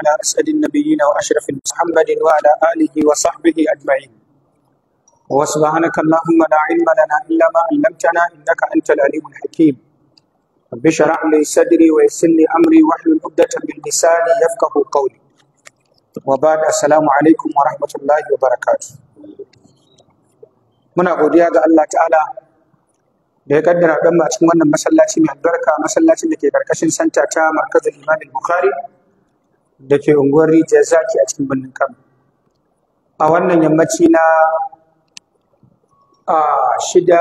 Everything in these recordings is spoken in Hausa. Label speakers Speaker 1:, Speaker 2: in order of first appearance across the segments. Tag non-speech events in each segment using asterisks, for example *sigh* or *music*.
Speaker 1: على أسعد النبيين وأشرف محمد وعلى آله وصحبه أجمعين وسبحانك اللهم لا علم لنا إلا ما علمتنا إنك أنت العليم الحكيم رب اشرح لي صدري ويسر لي أمري واحلل عقدة من لساني يفقه قولي وبعد السلام عليكم ورحمة الله وبركاته muna godiya ga Allah ta'ala da ya kaddara don a cikin wannan masallaci mai albarka masallacin da ke karkashin santa ta markazin imam bukhari da ke unguwar rijiyar zaki a cikin birnin kano a wannan yammaci na a shida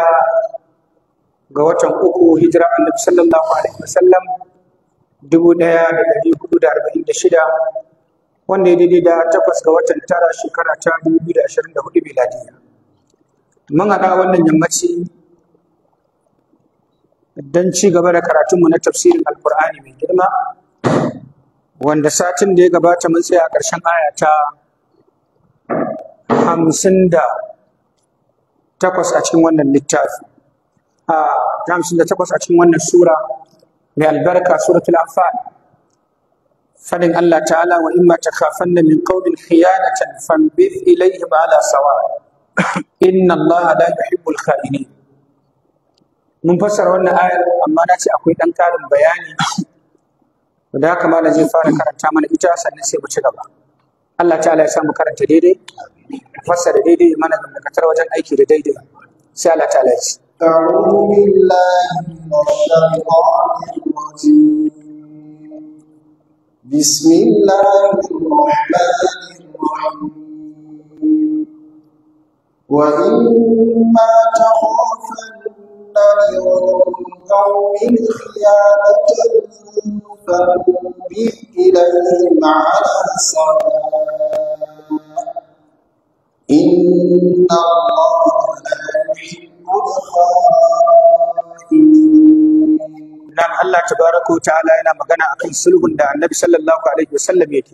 Speaker 1: ga watan uku hijira annabi sallallahu alaihi wasallam dubu ɗaya da ɗari hudu da arba'in da shida wanda ya daidai da takwas ga watan tara shekara ta dubu biyu da ashirin da hudu miladiya mun haɗa wannan yammaci don ci gaba da karatunmu na tafsirin alkur'ani mai girma wanda satin da ya gabata mun tsaya a ƙarshen aya ta hamsin da takwas a cikin wannan littafi a hamsin da takwas a cikin wannan sura mai albarka suratul anfal fadin Allah ta'ala wa imma takhafanna min qawmin khiyanatan fanbith ilayhim ala sawa *coughs* inna Allah la yuhibbul kha'inin mun fassara wannan ayar amma na ce akwai dan karin bayani da haka malam zai fara karanta mana ita sannan sai mu ci gaba Allah ta'ala ya samu karanta daidai fassara daidai mana dangantakar wajen aiki da daidai sai Allah ta'ala ya ci أعوذ بالله من الشيطان الرجيم بسم الله الرحمن الرحيم وإما تخاف من قوم خيانة فانبه nan Allah ta wa ta'ala yana magana akan sulhun da Annabi sallallahu alaihi wasallam yake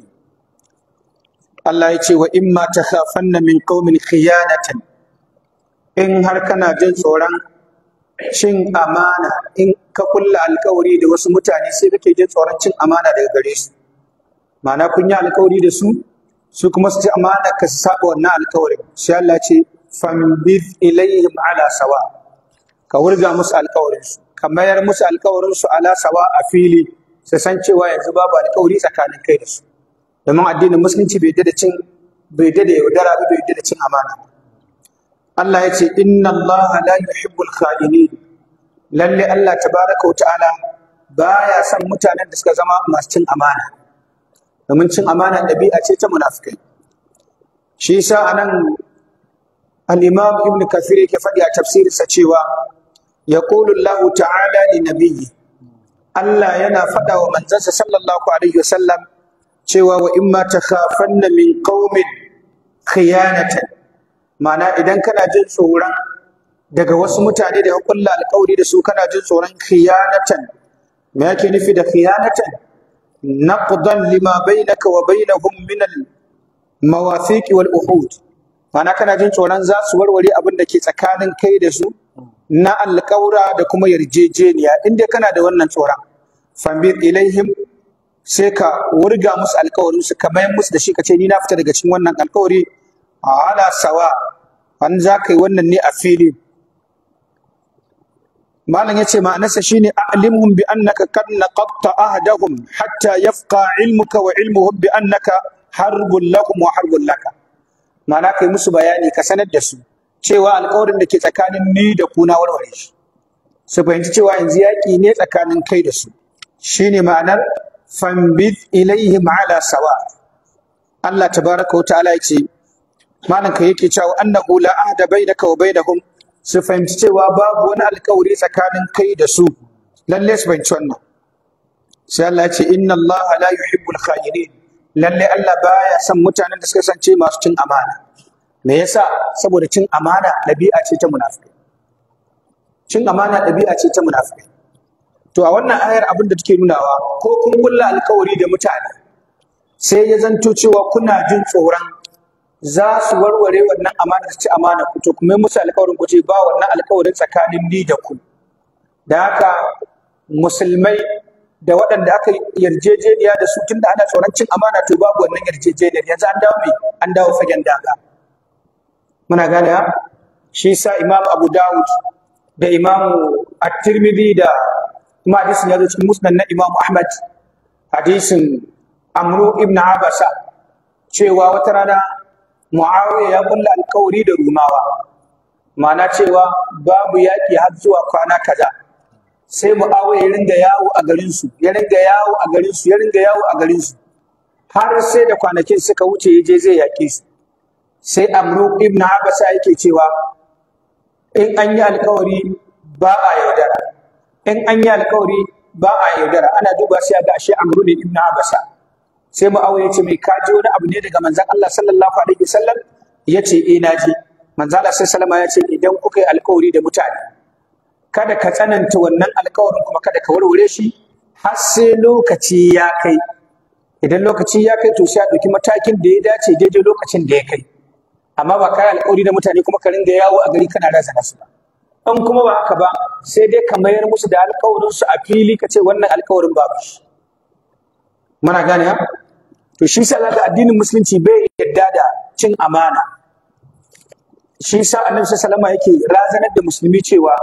Speaker 1: Allah ya ce wa imma takhafanna min qaumin khiyanatan in har kana jin tsoron cin amana in ka kulla alkawari da wasu mutane sai kake jin tsoron cin amana daga gare su ma'ana kun yi alkawari da su su kuma su ci amana ka saba wannan alkawari sai Allah ce fambid ilayhim ala sawa ka wurga musu alkawarin su ka mayar musu alkawarin su ala sawa a fili su san cewa yanzu babu alkawari tsakanin kai da su domin addinin musulunci bai da cin bai da yaudara bai da cin amana ba Allah ya ce inna Allah la yuhibbul kha'inin lalle Allah tabaraka wa ta'ala baya son mutanen da suka zama masu cin amana domin cin amana ɗabi'a ce ta munafikai shi yasa anan al-Imam Ibn Kathir yake faɗi a tafsirinsa cewa yaqulu Allah ta'ala li nabiyyi Allah yana faɗa wa manzansa sallallahu alaihi sallam cewa wa imma takhafanna min qaumin khiyanatan ma'ana idan kana jin tsoron daga wasu mutane da ka kulla alƙawari da su kana jin tsoron khiyanatan me yake nufi da khiyanatan naqdan lima bainaka wa bainahum min al mawathiq wal uhud ma'ana kana jin tsoron za su warware abin da ke tsakanin kai da su na alƙawura da kuma yarjejeniya inda kana da wannan tsoron fambir ilaihim sai ka wurga musu alƙawarin su ka musu da shi ka ce ni na fita daga cikin wannan alƙawari ala sawa an za ka yi wannan ne a fili malam ya ce ma'anarsa shi ne a'limhum bi annaka kad naqatta ahadahum hatta yafqa ilmuka wa ilmuhum bi annaka harbun lahum wa harbun laka ma'ana kai musu bayani ka sanar da su cewa alƙawarin da ke tsakanin ni da ku na warware shi su fahimci cewa yanzu yaƙi ne tsakanin kai da su shine ma'anar fambit ilaihim ala sawa Allah tabaraka wa ta'ala ya ce malam ka yake cewa annahu bai ahda bainaka wa bainahum su fahimci cewa babu wani alkawari tsakanin kai da su lalle su fahimci wannan sai Allah ya ce inna Allah la yuhibbul khayinin lalle Allah baya son mutanen da suka sance masu cin amana me yasa saboda cin amana ɗabi'a ce ta munafikai cin amana ce ta to a wannan ayar abin da take nunawa ko kun kulla alkawari da mutane sai ya zanto cewa kuna jin tsoron za su warware wannan amana su ci amana ku to kuma musu alƙawarin ku ce ba wannan alƙawarin tsakanin ni da ku da haka musulmai da waɗanda aka yarjejeniya da su tunda ana tsoron cin amana to babu wannan yarjejeniyar yanzu an dawo mai an dawo fagen daga muna gane ha shi sa imam abu dawud da imam at-tirmidhi da kuma hadisin ya zo cikin musnad na imam ahmad hadisin amru ibn abasa cewa wata rana muawiya ya kulla alkawari da rumawa ma'ana cewa babu yaƙi har zuwa kwana kaza sai muawiya ya ringa yawo a garin su ya ringa yawo a garin su ya ringa yawo a garin su har sai da kwanakin suka wuce ya je zai yaƙe su sai amru ibn abasa yake cewa in an yi alkawari ba a yaudara in an yi alkawari ba a yaudara ana duba sai ga ashe amru ne ibn abasa sai mu'awiya ya ce mai ji wani abu ne daga manzan Allah sallallahu alaihi wasallam ya ce eh na ji manzon Allah sallallahu alaihi wasallam ya ce idan kuka yi alƙawari da mutane kada ka tsananta wannan alƙawarin kuma kada ka warware shi har sai lokaci ya kai idan lokaci ya kai to sai a ɗauki matakin da ya dace daidai lokacin da ya kai amma ba ka yi alƙawari da mutane kuma ka ringa yawo a gari kana razana su ba in kuma ba haka ba sai dai ka mayar musu da alƙawarin su a fili ka ce wannan alƙawarin babu shi muna gane ha to shi yasa zaka addinin musulunci bai yadda da cin amana shi sa annabi sallallahu alaihi yake razanar da musulmi cewa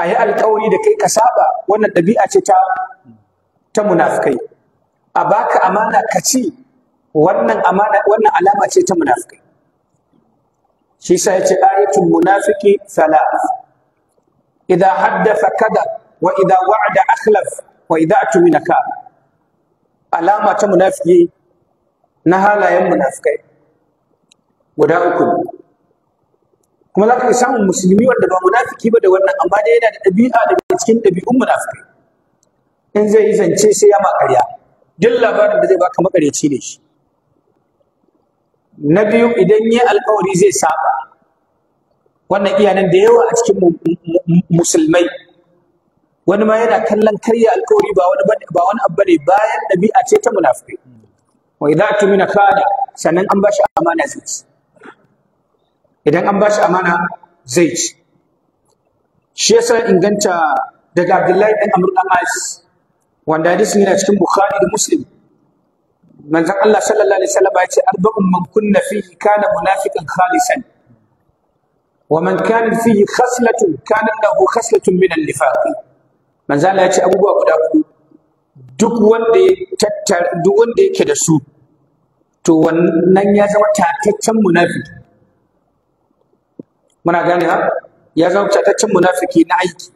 Speaker 1: a yi alkawari da kai ka saba wannan ɗabi'a ce ta ta munafikai a baka amana ka ci wannan amana wannan alama ce ta munafikai shi yasa yace ayatul munafiki Salas. idza haddatha kada wa idza wa'ada akhlaf wa idza tumina ka alama ta munafiki na halayen munafikai guda uku kuma za ka iya samun musulmi wanda ba munafiki ba da wannan amma dai yana da ɗabi'a daga cikin ɗabi'un munafikai in zai yi zance sai ya makarya duk labarin da zai baka makaryaci ne shi na biyu idan yi alkawari zai saba wannan iyanan da yawa a cikin musulmai wani ma yana kallon karya alkawari ba wani ba wani abu bane bayan ɗabi'a ce ta munafikai wa idza tumina khana sannan an bashi amana zai ci idan an bashi amana zai ci shi yasa inganta daga Abdullahi dan Amr dan Ais wanda hadisin yana cikin Bukhari da Muslim manzon Allah sallallahu alaihi wasallam ya ce arba'un man kunna fihi kana munafiqan khalisan ومن كان فيه خصلة كان له خصلة من النفاق manzo Allah ya ce abubuwa guda huɗu. duk wanda ya tattar duk wanda yake da su to wannan ya zama tataccen munafiki muna gane ha ya zama tataccen munafiki na aiki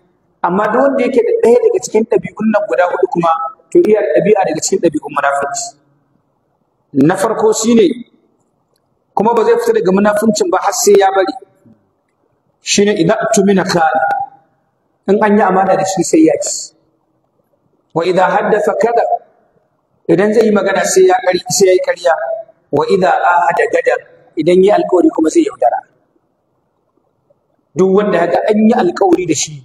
Speaker 1: amma duk wanda yake da ɗaya daga cikin ɗabi'un nan guda hudu kuma to iya ɗabi'a daga cikin ɗabi'un munafiki na farko shine kuma ba zai fita daga munafincin ba har sai ya bari shine idan tumina khali in an yi amana da shi sai ya ci wa idza haddatha kada idan zai yi magana sai ya kari sai ya yi ƙarya wa idza ahada kada idan yi alƙawari kuma zai yaudara duk wanda haka an yi alƙawari da shi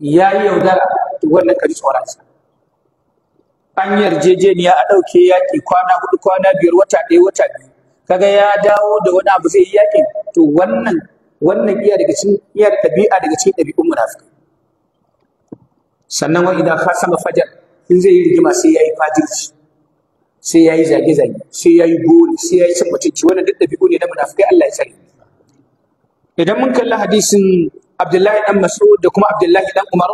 Speaker 1: ya yi yaudara to wannan ka ji tsoron sa an yarjejeniya a ɗauke yaƙi kwana hudu kwana biyar wata ɗaya wata biyu kaga ya dawo da wani abu zai yi yaƙi to wannan wannan iya daga cikin iya ɗabi'a daga cikin ɗabi'un munafiki sannan wani idan khasama fajar in zai yi rigima sai ya yi fajirci sai ya yi zage zage sai ya yi gori sai yayi cin mutunci wannan duk dabi'u ne na munafikai Allah ya tsare idan mun kalla hadisin Abdullahi dan Mas'ud da kuma Abdullahi dan Umar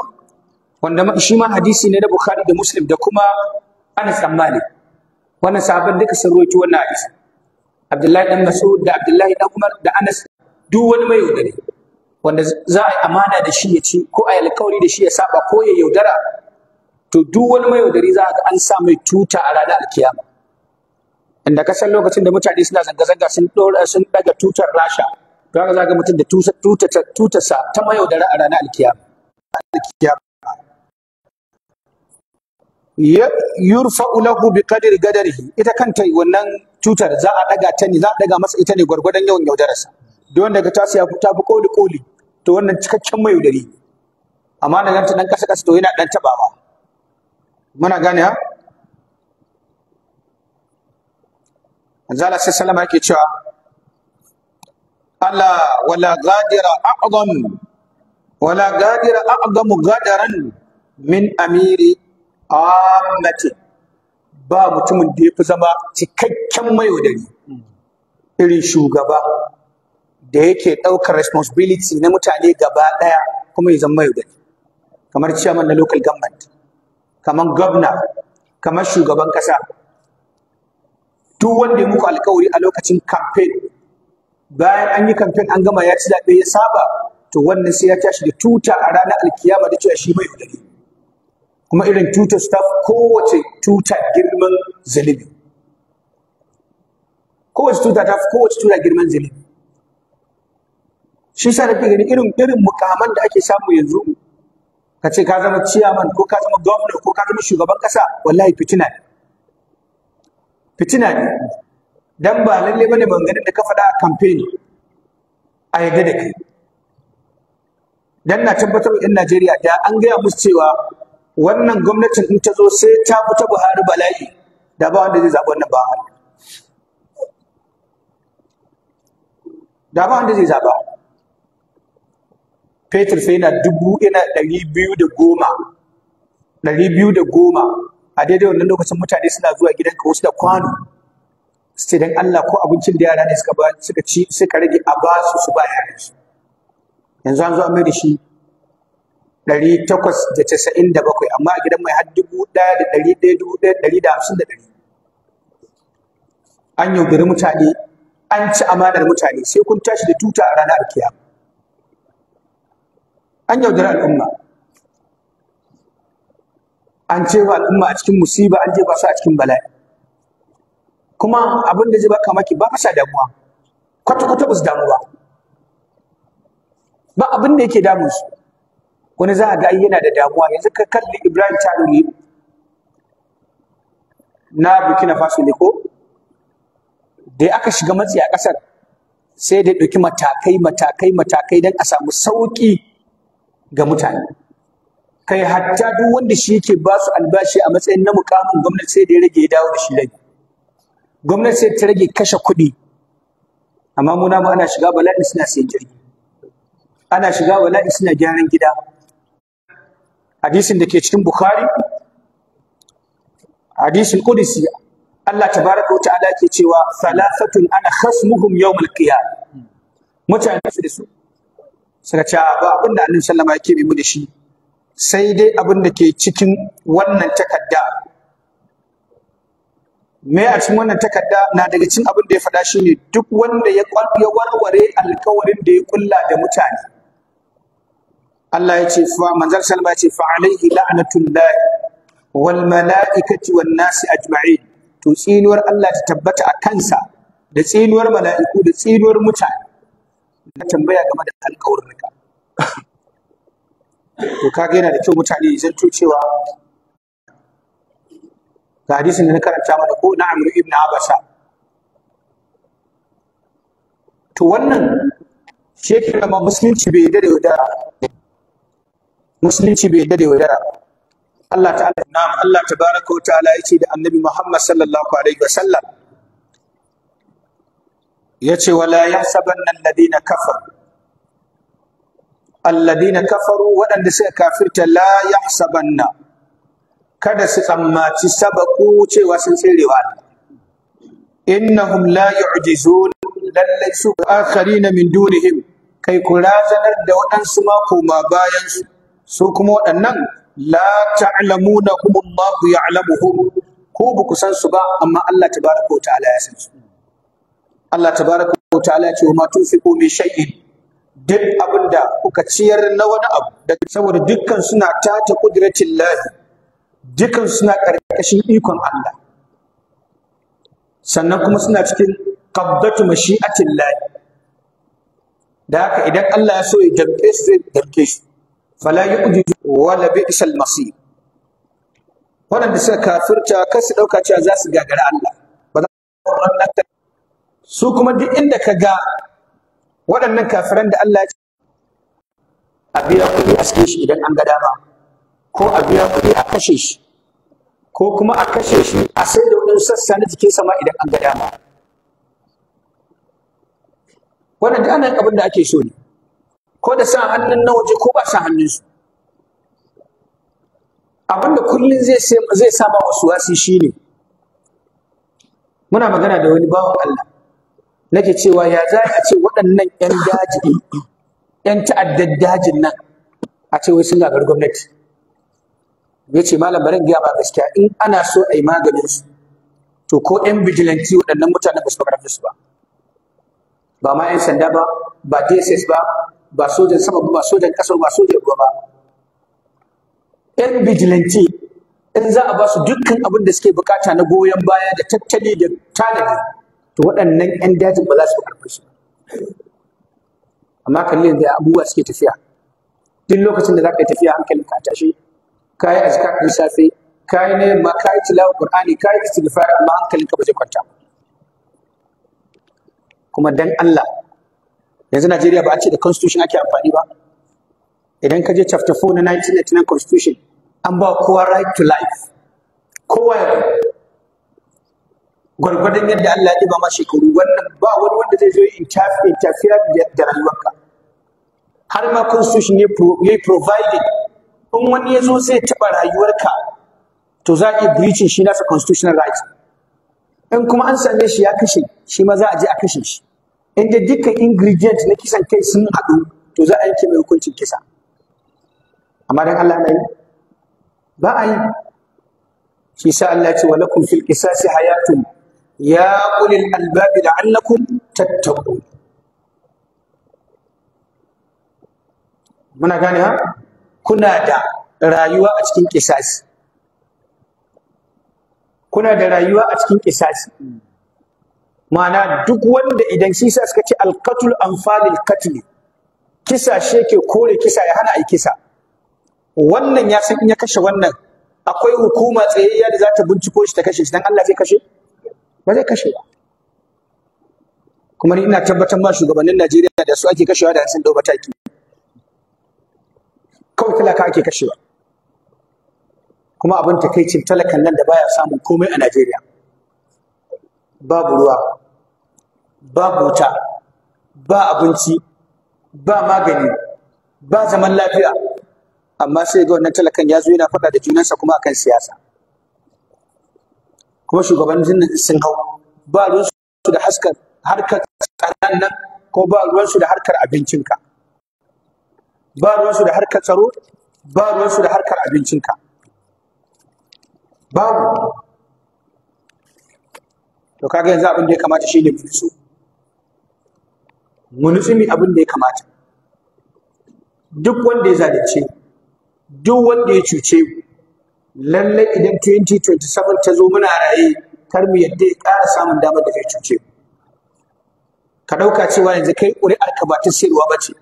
Speaker 1: wanda shi ma hadisi ne na Bukhari da Muslim da kuma Anas bin Malik wannan sahabban duka sun rawaito wannan hadisi Abdullahi dan Mas'ud da Abdullahi dan Umar da Anas duk wani mai yaudare wanda za a yi amana da shi ya ci ko a yi alkawari da shi ya saba ko ya yaudara to duk wani mai yaudari za a ga an sa mai tuta a ranar alkiyama inda ka san lokacin da mutane suna zanga-zanga sun dora sun daga tutar rasha to haka za ga mutum da tutarsa ta yaudara a ranar alkiyama yurfa ulahu bi qadri gadarihi ita kanta wannan tutar za a daga ta ne za a daga masa ita ne gwargwadon yawan yaudararsa duk wanda ga tasiya ku tafi koli koli to wannan cikakken mai yaudari amma na ganta dan kasa kasa to yana dan tabawa muna gane ha Anzala sai salama yake cewa Allah wala gadira a'zam wala gadira a'zamu gadaran min amiri ammati ba mutumin da ya fi zama cikakken mayaudari irin shugaba da yake ɗaukar responsibility na mutane gaba ɗaya kuma ya zama yaudari kamar chairman na local government kamar governor kamar shugaban ƙasa duk wanda ya muku alkawari a lokacin campaign bayan an yi campaign an gama ya ci zaɓe ya saba to wannan sai ya tashi da tuta a ranar alkiyama da cewa shi mai yaudari kuma irin tutar staff kowace tuta girman zalibi kowace tuta ta fi kowace tuta girman zalibi shi sa nake gani irin irin mukaman da ake samu yanzu ka ce ka zama ciyaman ko ka zama governor ko ka zama shugaban kasa wallahi fitina ne fitina ne dan ba lalle bane maganganun da ka faɗa a campaign a yaga da kai dan na tabbatar da 'yan Najeriya da an gaya musu cewa wannan gwamnatin in ta zo sai ta fita Buhari bala'i da ba wanda zai zaɓi wannan ba da ba wanda zai zaɓa fetur sai yana dubu yana ɗari biyu da goma ɗari biyu da goma a daidai wannan lokacin mutane suna zuwa gidanka wasu da kwano sai dan Allah ko abincin da yara ne suka ba suka ci suka rage a ba su su ba da su yanzu an zo an mai da shi ɗari takwas da casa'in da bakwai amma a gidan mai har dubu ɗaya da ɗari ɗaya dubu ɗaya ɗari da hamsin da ɗari an yaudari mutane an ci amanar mutane sai kun tashi da tuta a ranar kiyama an yaudari al'umma an ce ba al'umma a cikin musiba an ba su a cikin bala'i kuma abin da zai baka maki ba sa damuwa kwata kwata ba su damu ba ba abin da yake damun su wani za a ga yana da damuwa yanzu ka kalli Ibrahim Tarumi na Burkina Faso ne ko da aka shiga matsi a ƙasar sai da ɗauki matakai matakai matakai don a samu sauƙi ga mutane kai hatta duk wanda shi yake ba su albashi a matsayin na mukamin gwamnati sai da ya rage ya dawo da shi rage gwamnati sai ta rage kashe kuɗi amma mu namu ana shiga bala'i suna sayan jirgi ana shiga bala'i suna gyaran gida hadisin da ke cikin bukhari hadisin qudsi Allah tabaraka wa ta'ala ke cewa salafatun ana khasmuhum yau al mutane su da su suka ce ba abin da annabi sallama yake keɓe mu da shi sai dai abin da ke cikin wannan takarda me a cikin wannan takarda na daga cikin abin da ya faɗa shi ne duk wanda ya warware alkawarin da ya kulla da mutane Allah ya ce fa manzal sallama ya ce fa alaihi la'natullahi wal mala'ikati wan nasi ajma'in to tsinuwar Allah ta tabbata a kansa da tsinuwar mala'iku da tsinuwar mutane na tambaya game da alƙawarnuka to kaga yana da kyau mutane zan to cewa ga hadisin da na karanta mana ko na Amr ibn Abasa to wannan da ma musulunci bai dade da musulunci bai dade da Allah ta'ala na Allah tabaraka wa ta'ala yace da Annabi Muhammad sallallahu alaihi wasallam yace wala yahsabanna alladhina kafaru alladhina kafaru waɗanda suka kafirta la yahsabanna kada su tsammaci sabaku cewa sun tsirewa Allah innahum la yu'jizun lallai su akharina min dunihim kai ku razanar da waɗansu ma koma bayan su su kuma waɗannan la ta'lamuna kuma Allah ya'lamuhum ko ba ku san su ba amma Allah tabaraka wa ta'ala ya san su Allah tabaraka wa ta'ala ce ma tunfiqu min shay'in duk abinda kuka ciyar na wani abu daga saboda dukkan suna tata qudratil lahi dukkan suna karkashin ikon Allah sannan kuma suna cikin qabdatu mashi'atil lahi da haka idan Allah ya so ya damke su zai su fala yu'jizu wala bi'sal masir waɗanda suka kafirta kasu su ɗauka cewa za su gagara Allah ba za su su kuma duk inda ka ga waɗannan kafiran da Allah ya ce a biya kuɗi a shi idan an ga dama ko a biya kuɗi a kashe shi ko kuma a kashe shi a sai da waɗansu sassa na jikin sama idan an ga dama wannan duk anan abin da ake so ne ko da sa hannun na waje ko ba sa hannun su abin da kullum zai zai sa ma wasu wasi shine muna magana da wani bawan Allah nake cewa ya za a ce waɗannan 'yan daji 'yan ta'addar dajin nan a ce wai sun gagari gwamnati ya ce malam barin gaya ba gaskiya in ana so a yi maganin su to ko 'yan bijilanti waɗannan mutanen ba su makarantar su ba ba ma 'yan sanda ba ba dss ba ba sojan sama ba sojan ƙasa ba sojan ruwa ba 'yan bijilanti in za a ba su dukkan abin da suke bukata na goyon baya da tattali da tanadi to waɗannan 'yan dajin ba za su karɓar su. amma kalli da abubuwa suke tafiya duk lokacin da za ka yi tafiya hankali ka tashi ka yi azkar ɗin safe ka yi nema, ka yi tilawar ƙur'ani ka yi istighfar amma hankali ka ba zai kwanta kuma dan Allah yanzu Najeriya ba a ce da constitution ake amfani ba idan ka je chapter 4 na 1999 constitution an ba kowa right to life kowa ya gwargwadon yadda Allah ya ba ma shekaru wannan ba wani wanda zai zo interfere da rayuwarka har ma constitution ya yi providing in wani ya zo zai taɓa rayuwarka to za a iya breaching shi nasa constitutional rights in kuma an same shi ya kashe shi ma za a je a kashe shi inda dukkan ingredient na kisan kai sun haɗu to za a yanke mai hukuncin kisa amma dan Allah na ba a yi shi sa Allah ce wa lakum fil qisasi hayatun ya ulil albabi muna gane ha kuna da rayuwa a cikin kisasi kuna da rayuwa a cikin ƙisasi, ma'ana duk wanda idan shi sa suka ce alqatul anfalil qatl kisa she ke kore kisa ya hana ai kisa wannan ya san in ya kashe wannan akwai hukuma tsayayya da za ta binciko shi ta kashe shi don Allah zai kashe ba zai kashe ba kuma ni ina tabbatar ma shugabannin Najeriya da su ake kashewa da sun dau taki kawai talaka ake kashewa kuma abin takaicin talakan nan da baya samun komai a Najeriya babu ruwa babu wuta ba abinci ba magani ba zaman lafiya amma sai ga wannan talakan ya zo yana faɗa da junansa kuma akan siyasa kuma shugabannin sun hau ba ruwansu da haskar harkar tsaron nan ko ba ruwansu da harkar abincinka ba ruwansu da harkar tsaro ba ruwansu da harkar abincinka babu to kaga yanzu abin da ya kamata shi ne mu nutsu Mun nutsu mi abin da ya kamata duk wanda ya zalunce duk wanda ya cuce mu lalle idan 2027 ta zo muna raye kar mu yadda ya kara samun damar da zai cuce ka ɗauka cewa yanzu kai ƙuri'ar ka ba ta sayarwa ba ce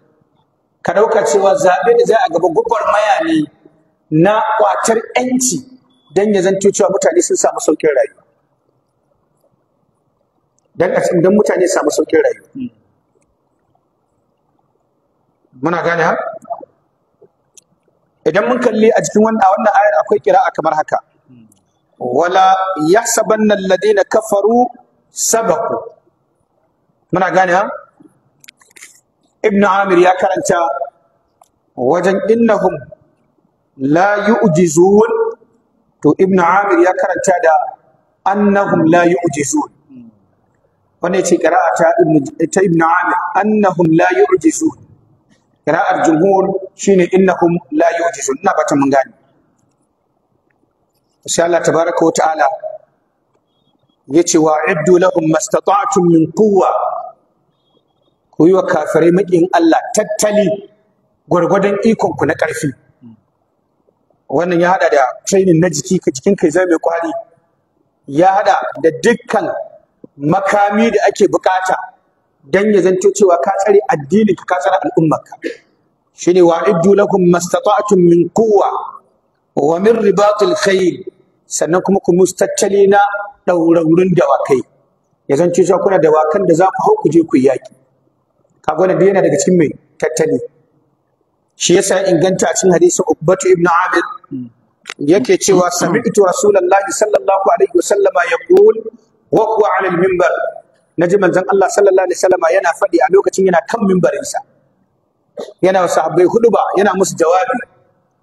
Speaker 1: ka ɗauka cewa zaɓe da za a gaba maya ne na ƙwatar 'yanci don ya zanto cewa mutane sun samu sauƙin rayuwa don a cikin mutane samu sauƙin rayuwa hmm. muna gane ha idan mun kalli a cikin wannan wannan ayar akwai kira'a kamar haka wala yahsabanna alladhina kafaru sabaqu muna gane ha ibn amir ya karanta wajen innahum la yu'jizun to ibn amir ya karanta da annahum la yu'jizun wannan ce qira'a ta ibn ta ibn amir annahum la yu'jizun qira'ar jumhur shine innakum la yu'jizun ina batun mun gane sai Allah tabaraka wa ta'ala yace wa ibdu lahum mastata'tum min quwwa ku yi wa kafirai makin Allah tattali gwargwadon ikon ku na karfi? wannan ya hada da training na jiki ka jikin kai zai mai kwari ya hada da dukkan makami da ake bukata dan ya zanto cewa ka tsare addinin ka ka tsare al'ummarka shine wa'iddu lakum mastata'tum min quwwa wa min ribatil khayl sannan kuma ku tattali na dauraurin dawakai ya zan cewa kuna dawakan da za ku hau ku je ku yaki kaga wannan yana daga cikin mai tattali shi yasa inganta a cikin hadisin Ubbatu ibn Amir yake cewa sami'tu rasulullahi sallallahu alaihi wasallama yaqul wa huwa 'ala al-minbar naji manzon Allah sallallahu alaihi wasallama yana faɗi a lokacin yana kan mimbarinsa sa yana sahabbai hudu ba yana musu jawabi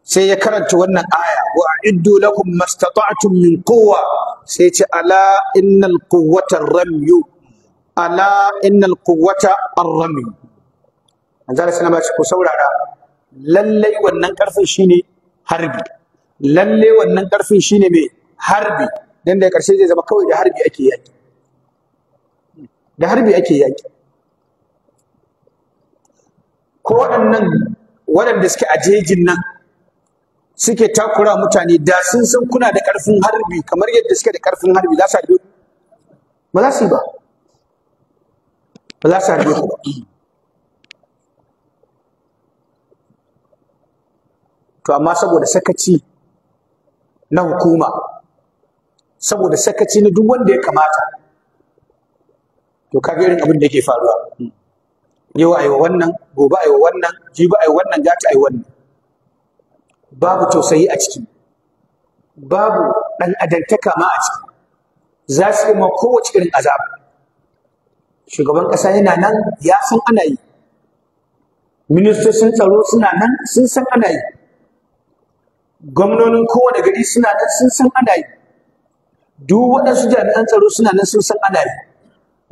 Speaker 1: sai ya karanta wannan aya wa iddu lakum mastata'tum min quwwa sai ce ala innal quwwata ramyu ala innal quwwata ar-ramyu anzara sana ba shi ku saurara lalle wannan karfin shine harbi lalle wannan karfin shine mai harbi dan da karshe zai zama kawai da harbi ake yaki da harbi ake yaki ko waɗannan waɗanda suke a jejin nan suke takura mutane da sun san kuna da ƙarfin harbi kamar yadda suke da ƙarfin harbi za su harbe ba za su yi ba ba za su haɗe ku ba to amma saboda sakaci na hukuma saboda sakaci na duk wanda ya kamata to kaga irin abin da yake faruwa yau ai wannan gobe ai wannan jibi ai wannan gata ai wannan babu tausayi a ciki babu dan adantaka ma a ciki za su yi ma kowace irin azaba shugaban ƙasa yana nan ya san ana yi ministocin tsaro suna nan sun san ana yi gwamnonin kowane gari suna nan sun san ana yi duk waɗansu jami'an tsaro suna nan sun san ana yi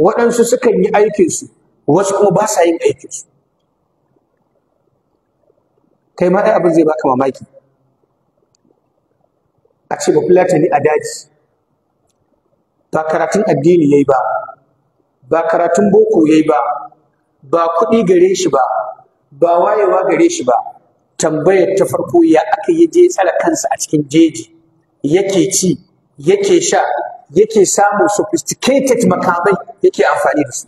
Speaker 1: waɗansu sukan yi aikinsu wasu kuma ba sa yin aikinsu kai ma ai abin zai baka mamaki a ce ba ni a daji ba karatun addini yayi ba ba karatun boko yayi ba ba kuɗi gare shi ba ba wayewa gare shi ba tambayar ta farko ya aka yi je tsara kansa a cikin jeji yake ci yake sha yake samun sophisticated makamai yake amfani da su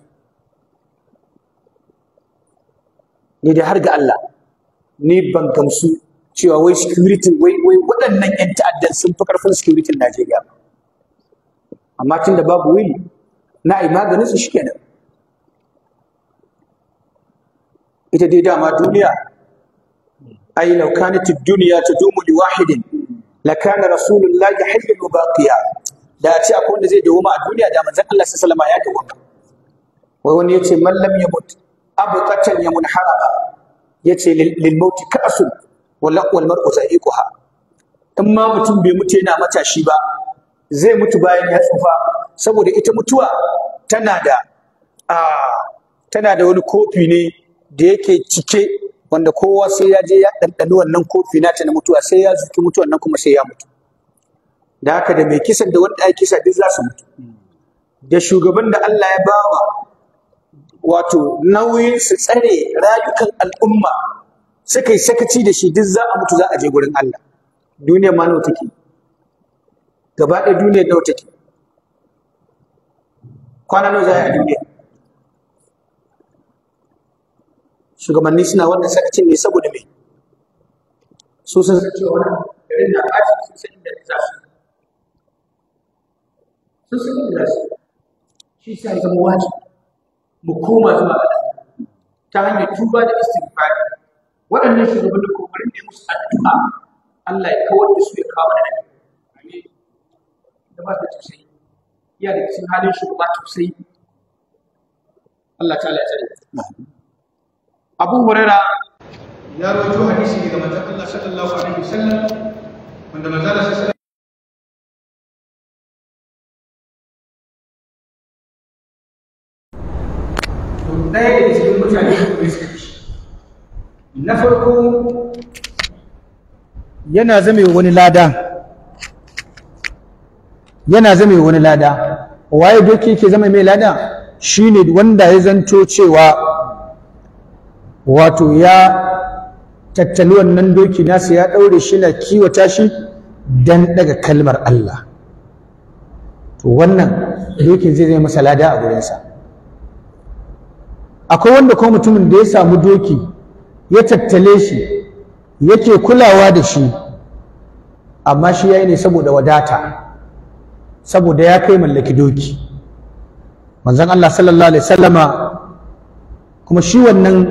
Speaker 1: ni dai har ga Allah ni ban gamsu cewa wai security wai wai waɗannan ƴan ta'addan sun fi ƙarfin security Najeriya ba amma tun da babu wili na ai maganin su shikenan ita dai dama duniya ai law kanat ad-dunya tadumu li wahidin la kana rasulullahi hayyan wa baqiya da a ce akwai wanda zai ma a duniya da manzon Allah sallallahu alaihi wasallam ya dawoma wai wani yace man lam yamut abu katan ya munharaba yace lil mauti ka'sun wal wal mar'u sa'iquha in ma mutum bai mutu yana matashi ba zai mutu bayan ya tsufa saboda ita mutuwa tana da tana da wani kofi ne da yake cike wanda kowa sai ya je ya ɗanɗani wannan kofi nata na mutuwa sai ya zuki mutuwan nan kuma sai ya mutu da haka da mai kisan da wanda ya kisa duk za su mutu da shugaban da Allah ya bawa wato nauyin su tsare rayukan al'umma suka yi sakaci da shi duk za a mutu za a je gurin Allah Duniya ma nawa take gaba ɗaya duniya nawa take kwana nawa za a yi a duniya shugabanni suna wannan sakacin ne saboda me su sun san cewa wannan garin na ɓaci sun san inda za su sun san da za su shi sa ya zama wajibi mu koma zuwa ta hanyar tuba da istighfari waɗannan shugabannin kokarin ne musu addu'a Allah ya kawar da su ya kawo mana amin da ba ta tausayi iya da cikin halin shugaba tausayi Allah ta'ala ya tsare Abu Huraira ya rawaito hadisi daga manzon Allah sallallahu alaihi wasallam wanda manzon Allah sallallahu mutane ne suka na farko yana zame wani lada yana zame wani lada waye doki yake zama mai lada shine wanda ya zanto cewa wato ya tattali wannan doki nasa ya ɗaure shi na kiwata shi dan daga kalmar Allah to wannan dokin zai zai masa lada a gurinsa akwai wanda ko mutumin da ya samu doki ya tattale shi yake kulawa da shi amma shi ya yi ne saboda wadata saboda ya kai mallaki doki manzon Allah sallallahu alaihi wasallama kuma shi wannan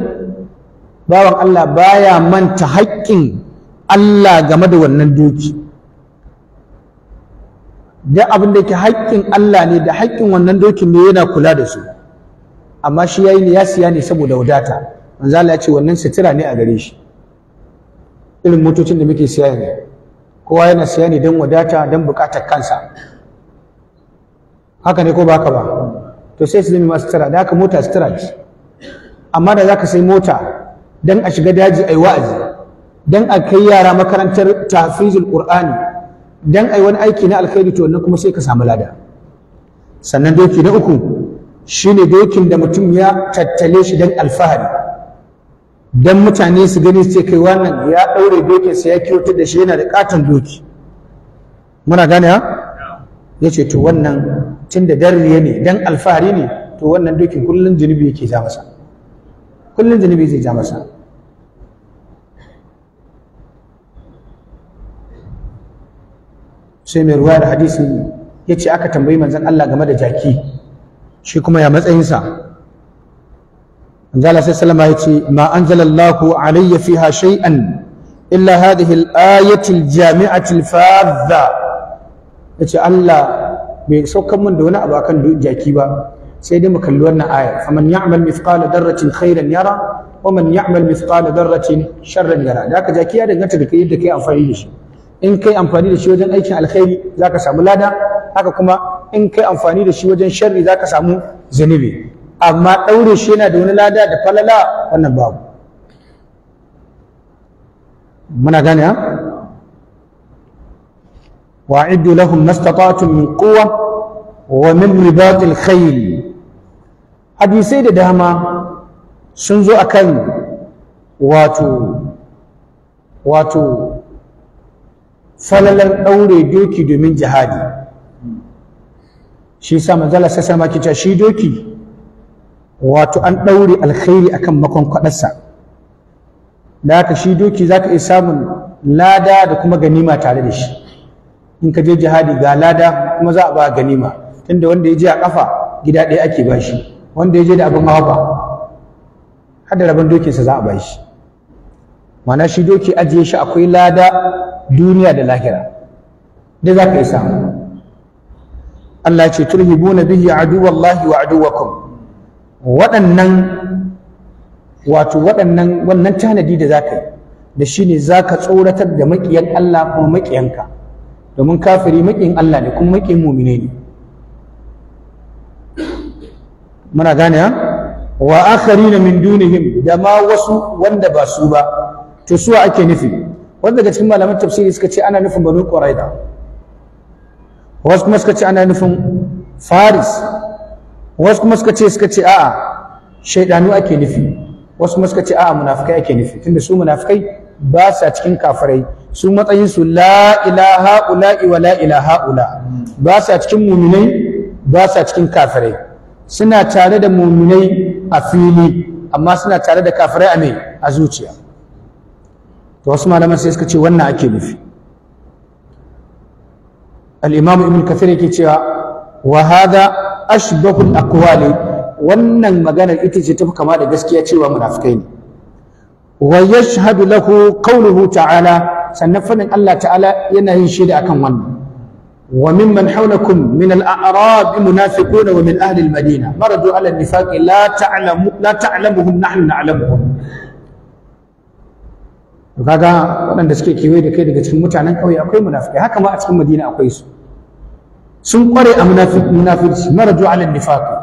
Speaker 1: bawan Allah baya manta haƙƙin Allah game da wannan doki da abin da ke haƙƙin Allah ne da haƙƙin wannan dokin ne yana kula da su amma shi yayi ne ya siya ne saboda wadata manzo Allah ya ce wannan sitira ne a gare shi irin motocin da muke siya ne kowa yana siya ne don wadata don bukatar kansa haka ne ko ba haka ba to sai su zama masu sutura da haka mota sutura ce amma da zaka sai mota don a shiga daji ai wa'azi don a kai yara makarantar tafizul qur'ani don ai wani aiki na alkhairi to wannan kuma sai ka samu lada sannan doki na uku shine dokin da mutum ya tattale shi don alfahari don mutane su gani su ce kai wannan ya ɗaure dokinsa ya kyautar da shi yana da ƙaton doki muna gane ha ya ce to wannan tun da darriya ne don alfahari ne to wannan dokin kullum zunubi yake ja masa kullum zunubi zai ja masa sai mai ruwa da hadisi ya ce aka tambayi manzan Allah game da jaki shi kuma ya matsayinsa anzala sai salama ya ce ma anzalallahu alayya ha shay'an illa hadhihi al-ayati al fadha yace Allah bai saukar mun da wani abu akan jaki ba sai dai mu kalli wannan aya faman ya'mal mithqala darratin khairan yara wa man ya'mal mithqala darratin sharran yara da ka jaki ya danganta da kai yadda kai amfani da shi in kai amfani da shi wajen aikin alkhairi zaka samu lada haka kuma in kai amfani da shi wajen sharri za ka samu zunubi amma ɗaure shi yana da wani lada da falala wannan babu muna gane ha وأعد لهم ما min من wa ومن رباط الخيل hadisai da dama sun zo a kan wato wato falalar ɗaure doki domin jihadi shi sa manzala sai sama kice shi doki wato an daure alkhairi akan makon kwadarsa da haka shi doki zaka iya samun lada da kuma ganima tare da shi in ka je jihadi ga lada kuma za a ba ganima tunda wanda ya je a kafa gida ɗaya ake ba shi wanda ya je da abin hawa har da rabon dokinsa za a ba shi mana shi doki ajiye shi akwai lada duniya da lahira da za ka yi samu Allah ce turhibuna bihi aduwallahi wa aduwakum waɗannan wato waɗannan wannan tanadi da zaka yi da shine zaka tsoratar da maƙiyan Allah kuma maƙiyanka domin kafiri maƙiyin Allah ne kuma maƙiyin mu'mine ne muna gane ha wa akharina min dunihim da ma wasu wanda ba su ba to su ake nufi wanda daga cikin malaman tafsiri suka ce ana nufin banu quraida wasu kuma suka ce ana nufin faris wasu kuma suka ce suka ce a'a shaidanu ake nufi wasu kuma suka ce a'a munafukai ake nufi tunda su munafukai ba sa cikin kafirai su matsayin su la ilaha ula wa la ilaha ula ba sa cikin muminai ba sa cikin kafirai suna tare da muminai a fili amma suna tare da kafirai a mai a zuciya to wasu malaman sai suka ce wannan ake nufi الإمام ابن كثير كتير وهذا أشبه الأقوال ونن مجانا الإتجاه تبقى ما لجسكي أتوا منافقين ويشهد له قوله تعالى سنفن الله تعالى ينهي شيد أكم ون وممن حولكم من الأعراب منافقون ومن أهل المدينة مردوا على النفاق لا تعلم لا تعلمهم نحن نعلمهم to kaga waɗanda suke kewaye da kai daga cikin mutanen ƙauye akwai munafikai haka ma a cikin madina akwai su sun ƙware a munafirci maraju ala nifaq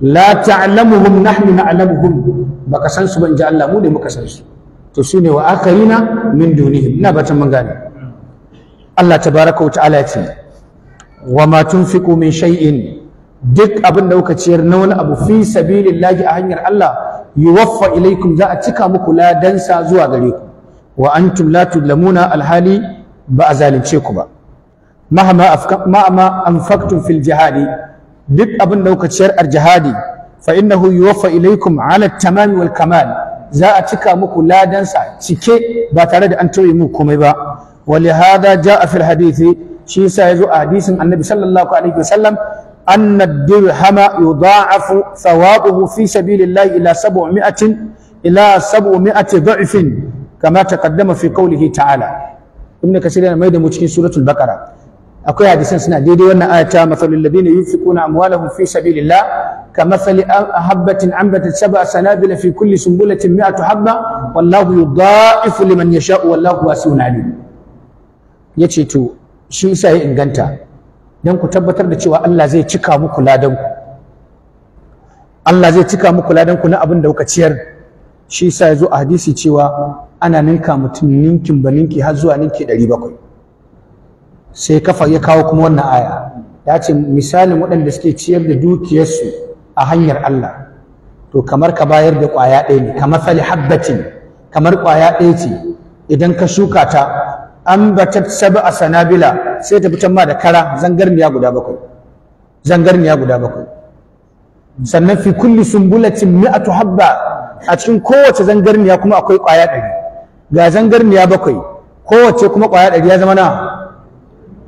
Speaker 1: la ta'lamuhum nahnu na'lamuhum baka san su ban ji Allah mu ne muka san su to sune wa akarina min dunihim ina batan mun gane Allah tabaraka wa ta'ala ya ce wa ma tunfiqu min shay'in duk abin da kuka ciyar na wani abu fi sabilillahi a hanyar Allah yuwaffa ilaikum za a cika muku ladansa zuwa gare ku wa antum la lamuna alhali ba a zalunce ku ba mahama ma'ama anfaqtum fil jihadi duk abin da kuka ciyar al jihadi fa innahu yuwaffa ala tamami wal kamal za a cika muku ladansa cike ba tare da an tauye muku komai ba ولهذا hadithi في الحديث شيء سيزو حديث النبي صلى الله عليه وسلم أن الدرهم يضاعف ثوابه في سبيل الله إلى سبعمائة إلى سبعمائة ضعف kama taqaddama fi qawlihi ta'ala ibn kasir yana da mu cikin suratul bakara. akwai hadisan suna daidai wannan aya ta masalul ladina yunfiquna amwalahum fi sabilillah kamathali habatin ambatat sab'a sanabila fi kulli sunbulatin mi'atu habba wallahu yudha'ifu liman yasha'u wallahu wasi'un alim yace to shi yasa ya inganta dan ku tabbatar da cewa Allah zai cika muku ladan ku Allah zai cika muku ladan ku na abin da kuka ciyar shi ya zo a hadisi cewa ana ninka mutum ninkin ba ninki har zuwa ninki ɗari bakwai sai kafa ya kawo kuma wannan aya ya ce misalin waɗanda suke ciyar da dukiyarsu a hanyar Allah to kamar ka bayar da ƙwaya ɗaya ne kamar fali habbatin kamar ƙwaya ɗaya ce idan ka shuka ta an batat sabu a sanabila sai ta fitan ma da kara zangarniya guda bakwai zangarniya guda bakwai sannan fi kulli sumbulatin mi'atu habba a cikin kowace zangarniya kuma akwai ƙwaya ɗari ga zangarniya bakwai kowace kuma kwaya ɗari ya zama na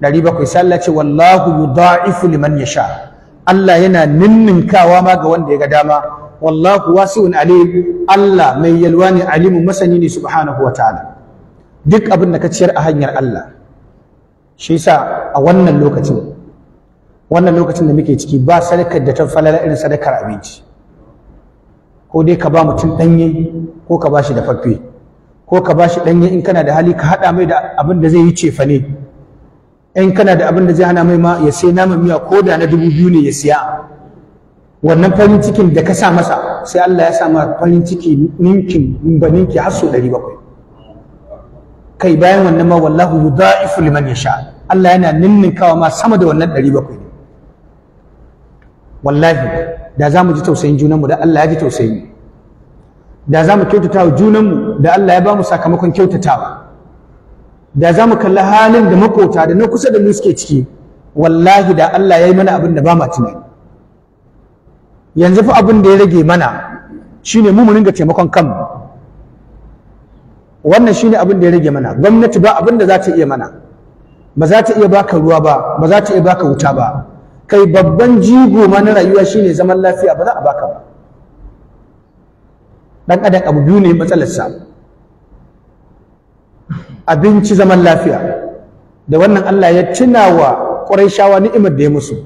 Speaker 1: ɗari bakwai sai ce wallahu yudha'ifu liman yasha Allah yana ninninkawa ma ga wanda ya ga dama wallahu wasi'un alim Allah mai yalwa ne alimun masani ne subhanahu wa ta'ala duk abin da ka ciyar a hanyar Allah shi yasa a wannan lokacin wannan lokacin da muke ciki ba sadakar da ta falala irin sadakar abinci ko dai ka ba mutum ɗanye ko ka ba shi da dafaffe ko ka ba bashi ɗanye in kana da hali ka haɗa mai da abin da zai yi cefa ne in kana da abin da zai hana mai ma ya sai naman miya ko da na dubu biyu ne ya siya wannan farin cikin da ka sa masa sai Allah ya sa ma farin ciki ninkin ba ninki har ɗari bakwai kai bayan wannan ma wallahu yudha'ifu liman yasha Allah yana ninninkawa ma sama da wannan ɗari bakwai wallahi da za mu ji tausayin junanmu da Allah ya ji tausayin mu da za mu kyautata wa junanmu da Allah ya ba mu sakamakon kyautatawa da za mu kalli halin da makota da na kusa da mu suke ciki wallahi da Allah ya yi mana abin da ba ma tunani yanzu fa abin da ya rage mana shine mu mu ringa taimakon kanmu wannan shine abin da ya rage mana gwamnati ba abin da za ta iya mana ba za ta iya baka ruwa ba ba za ta iya baka wuta ba kai babban jigo ma na rayuwa shine zaman lafiya ba za a baka ba dan adam abu biyu ne matsalarsa abinci zaman lafiya da wannan Allah ya tuna wa Qurayshawa ni'imar da ya musu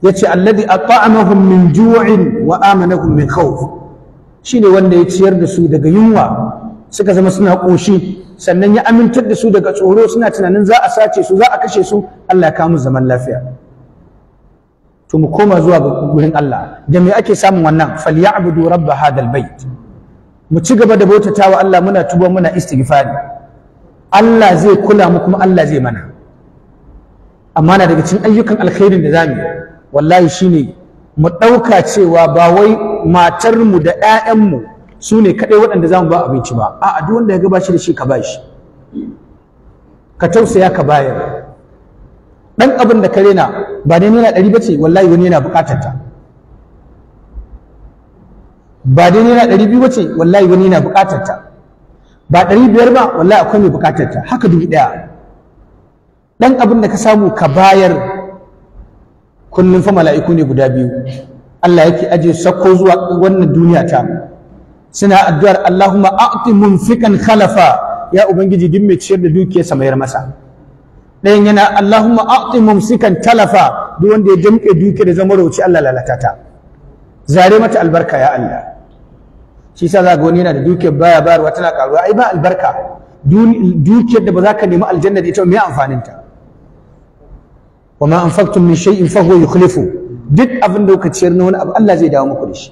Speaker 1: yace alladhi at'amahum min ju'in wa amanahum min khawf shine wanda ya ciyar da su daga yunwa suka zama suna koshi sannan ya amintar da su daga tsoro suna tunanin za a sace su za a kashe su Allah ya kawo zaman lafiya to mu koma zuwa ga gurin Allah da me ake samun wannan falyabudu rabb hadal bait mu ci gaba da bautata wa Allah muna tuba muna istighfari Allah zai kula mu kuma Allah zai mana amma na daga cikin ayyukan alkhairin da zamu wallahi shine mu ɗauka cewa ba wai matar mu da ‘ya'yanmu mu sune kaɗai waɗanda za mu ba abinci ba A'a duk wanda ya gaba shi da shi ka ba ka tausaya ka bayar ɗan abin da ka rena ba dai nuna ɗari ba ce wallahi wani yana buƙatar ta ba dai naira ɗari biyu bace wallahi wani yana buƙatar ta ba ɗari biyar ba wallahi akwai mai buƙatar ta haka dubu ɗaya ɗan abin da ka samu ka bayar kullum fa mala'iku ne guda biyu Allah yake aje sakko zuwa wannan duniya ta suna addu'ar Allahumma a'ti munfiqan khalafa ya ubangiji din mai ciyar da dukiyarsa mayar masa ɗayan yana Allahumma a'ti mumsikan talafa duk wanda ya damƙe dukiyar da zama rauci Allah lalata ta zare mata albarka ya Allah shi sa za ga wani yana da dukiyar baya bayarwa tana karuwa ai ba albarka dukiyar da ba za ka nemi aljanna da ita me amfanin ta wa ma anfaqtum min shay'in fa huwa yukhlifu duk abin da kuka ciyar na wani abu Allah zai dawo muku da shi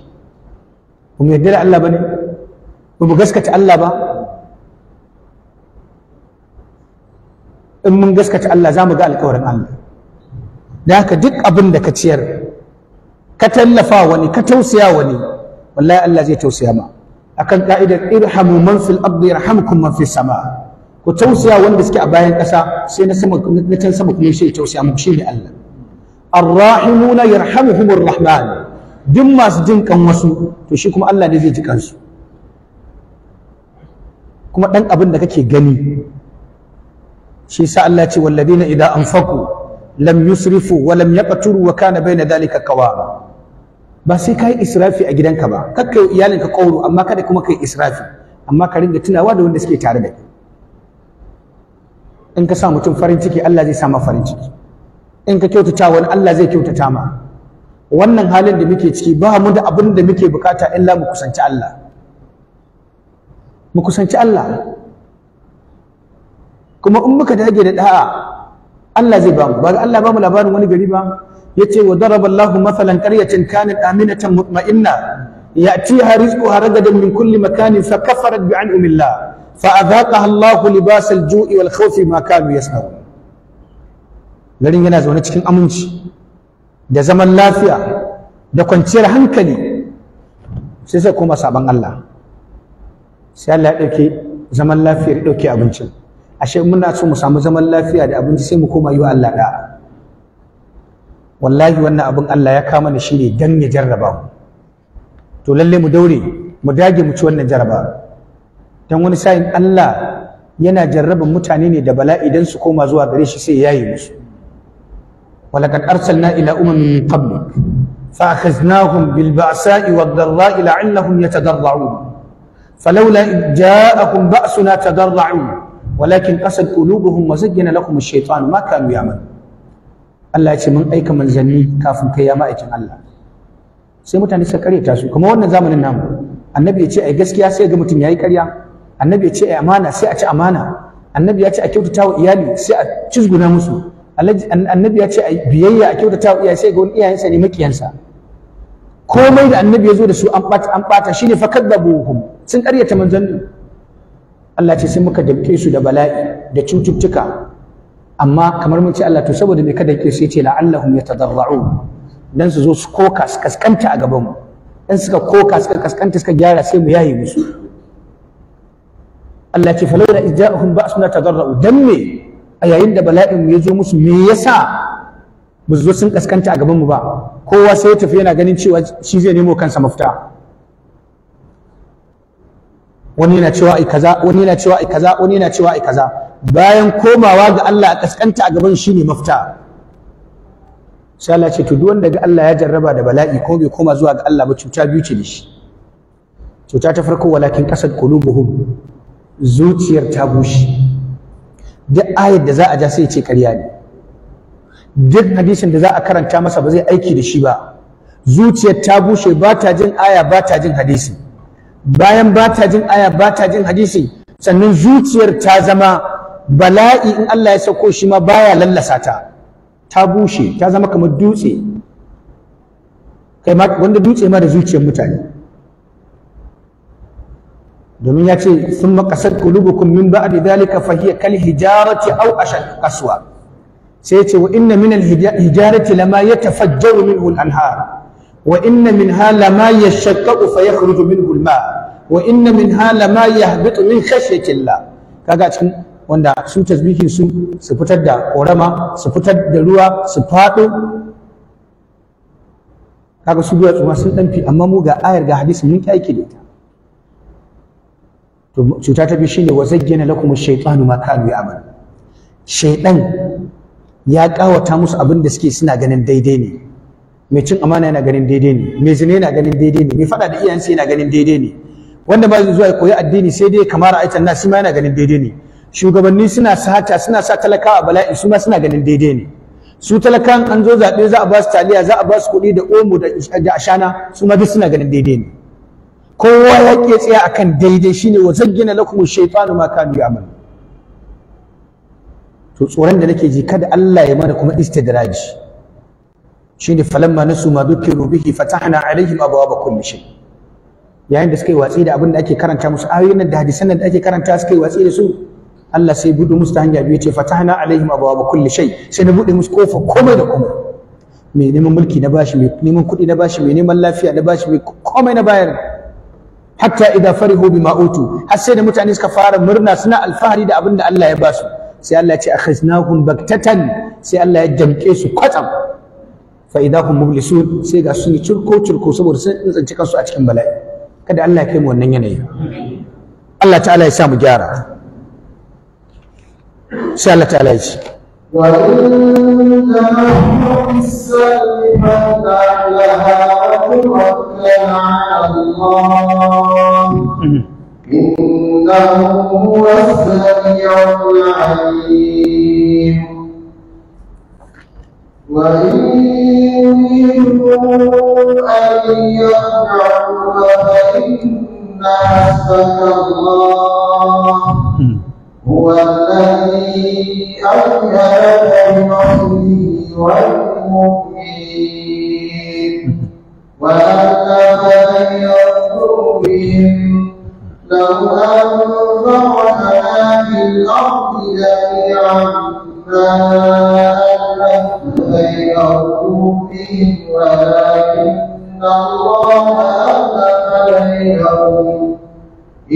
Speaker 1: Ku mu yarda da Allah bane ba mu gaskata Allah ba in mun gaskata Allah za mu ga alƙawarin Allah da haka duk abin da ka ciyar ka tallafa wani ka tausaya wani wallahi Allah zai tausaya ma akan ka'idar irhamu man fil ardi yarhamkum man fis sama ku tausaya wanda suke a bayan ƙasa sai na sama na can sama kuma shi tausaya muku ne Allah arrahimuna yarhamuhumur rahman duk masu jin kan wasu to shi kuma Allah ne zai ji kansu kuma dan abin da kake gani shi sa Allah ce walladina idza anfaqu lam yusrifu wa lam yaqturu wa kana baina dhalika qawama ba sai ka yi israfi a gidanka ba kai yi iyalinka ƙauro amma kada kuma ka yi israfi amma ka ringa tunawa da wanda suke tare da kai in ka sa mutum farin ciki Allah zai sama farin ciki in ka kyautata wani Allah zai kyautata ma wannan halin da muke ciki ba mu da abin da muke bukata illa mu kusanci Allah mu kusanci Allah kuma in muka dage da da'a Allah zai ba mu ba Allah ba mu labarin wani gari ba yace wa daraballahu masalan qaryatan kanat aminatan mutma'inna ya'tiha rizquha ragadan min kulli makanin fakafarat bi'an'umillah fa'adhaqaha Allahu libasal ju'i wal khawfi ma kanu yasna'un garin yana zaune cikin aminci da zaman lafiya da kwanciyar hankali sai sai koma sabon Allah sai Allah ya ɗauke zaman lafiyar ɗauke abincin ashe muna so mu samu zaman lafiya da abinci sai mu koma yi wa Allah da'a wallahi wannan abin Allah ya kama ni shine dan ya jarraba mu to lalle mu daure mu dage mu ci wannan jarraba dan wani sa'in Allah yana jarraban mutane ne da bala'i dan su koma zuwa gare shi sai yayi musu walaqad arsalna ila umamin min qablik fa akhadnahum bil ba'sa'i wad dharra'i la'annahum yatadarra'un فلولا إذ جاءكم بأسنا تضرعوا ولكن قسد قلوبهم وزين لكم الشيطان ما كانوا يعملون Allah ya ce mun aika manzanni kafin kai ya ma'aikin Allah sai mutane suka karyata su kuma wannan zamanin namu annabi ya ce ai gaskiya sai ga mutum yayi karya annabi ya ce ai amana sai a ci amana annabi ya ce a kyautata wa iyali sai a cizguna musu annabi ya ce a biyayya a kyautata wa iyali sai ga wani iyayensa ne makiyansa komai da annabi ya zo da su an bata an bata shine fa kadzabuhum sun karyata manzanni Allah ya ce sai muka dabke su da bala'i da cututtuka amma kamar mun ce Allah to saboda me kada ke sai ce la'allahum yatadarra'u dan su zo su koka su kaskanta a gaban mu dan suka koka suka kaskanta suka gyara sai mu yaye musu Allah ce falawla ija'ahum ba'suna tadarra'u dan me a yayin da bala'in mu ya zo musu me yasa ba zo sun kaskanta a gaban mu ba kowa sai ya tafi yana ganin cewa shi zai nemo kansa mafita wani yana cewa ai kaza wani yana cewa ai kaza wani yana cewa ai kaza bayan komawa ga Allah a kaskanta a gaban shi ne mafita sai Allah ce to duk wanda ga Allah ya jarraba da bala'i ko bai koma zuwa ga Allah ba cuta biyu ce da shi cuta ta farko walakin kasad qulubuhum zuciyar ta bushe duk ayar da za a ja sai ce ƙarya ne duk hadisin da za a karanta masa ba zai aiki da shi ba zuciyar ta bushe ba ta jin aya ba ta jin hadisi bayan ba ta jin aya ba ta jin hadisi sannan zuciyar ta zama bala'i in Allah ya sauko shi ma baya lallasa ta ta bushe ta zama kamar dutse kai ma wanda dutse ma da zuciyar mutane domin ya ce sun makasar kulubukum min ba'di dhalika fa hiya kal hijarati aw ashad qaswa sai ya ce wa inna min al hijarati lama yatafajjaru minhu al anhar wa inna minha lama yashaqqaqu fa yakhruju minhu al ma wa inna minha lama yahbitu min khashyati Allah kaga cikin wanda su tasbihin su su fitar da korama su fitar da ruwa su faɗo kaga su biya tsuma sun ɗanfi amma mu ga ayar ga hadisi mun aiki da ita to cuta ta biyu shine wa zayyana lakum ash-shaytanu ma kanu ya'mal shaytan ya kawata musu abin da suke suna ganin daidai ne mai cin amana yana ganin daidai ne mai zina yana ganin daidai ne mai faɗa da iyayensa yana ganin daidai ne wanda ba zuwa ya koyi addini sai dai kamar aitan na ma yana ganin daidai ne shugabanni suna sata suna sa talakawa bala'i su ma suna ganin daidai ne su talakan an zo zaɓe za a ba su taliya za a ba su kuɗi da omo da ashana su ma duk suna ganin daidai ne kowa ya ke tsaya akan daidai shine wa zaggina lakum shaytanu ma kanu to tsoron da nake ji kada Allah ya mana kuma istidraji shine falamma nasu ma dhukiru bihi fatahna alaihim abwaaba kulli shay yayin da suka yi watsi da abin da ake karanta musu ayoyin da hadisan da ake karanta suka yi watsi da su Allah sai buɗe musu ta hanya biyu ce fatahna alaihim abwaaba kulli shay sai na buɗe musu kofa komai da komai mai neman mulki na bashi mai neman kuɗi na bashi mai neman lafiya na bashi mai komai na bayar hatta idza farihu bima utu har sai da mutane suka fara murna suna alfahari da abin da Allah ya basu sai Allah ya ce akhaznahum baktatan sai Allah ya jamke su kwatsam fa idza hum mublisun sai ga su cirko cirko saboda sun tsinci kansu a cikin bala'i kada Allah ya kai mu wannan yanayi Allah ta'ala ya sa mu gyara سالت عليه وإن تمنوا بالسلم وتوكل على الله إنه هو السميع العليم وإن يريدوا أن يخدعوك فإن حسبك الله هو الذي أيدك بنصره والمؤمنين وألف بين بهم لو أنفقنا في الأرض جميعا ما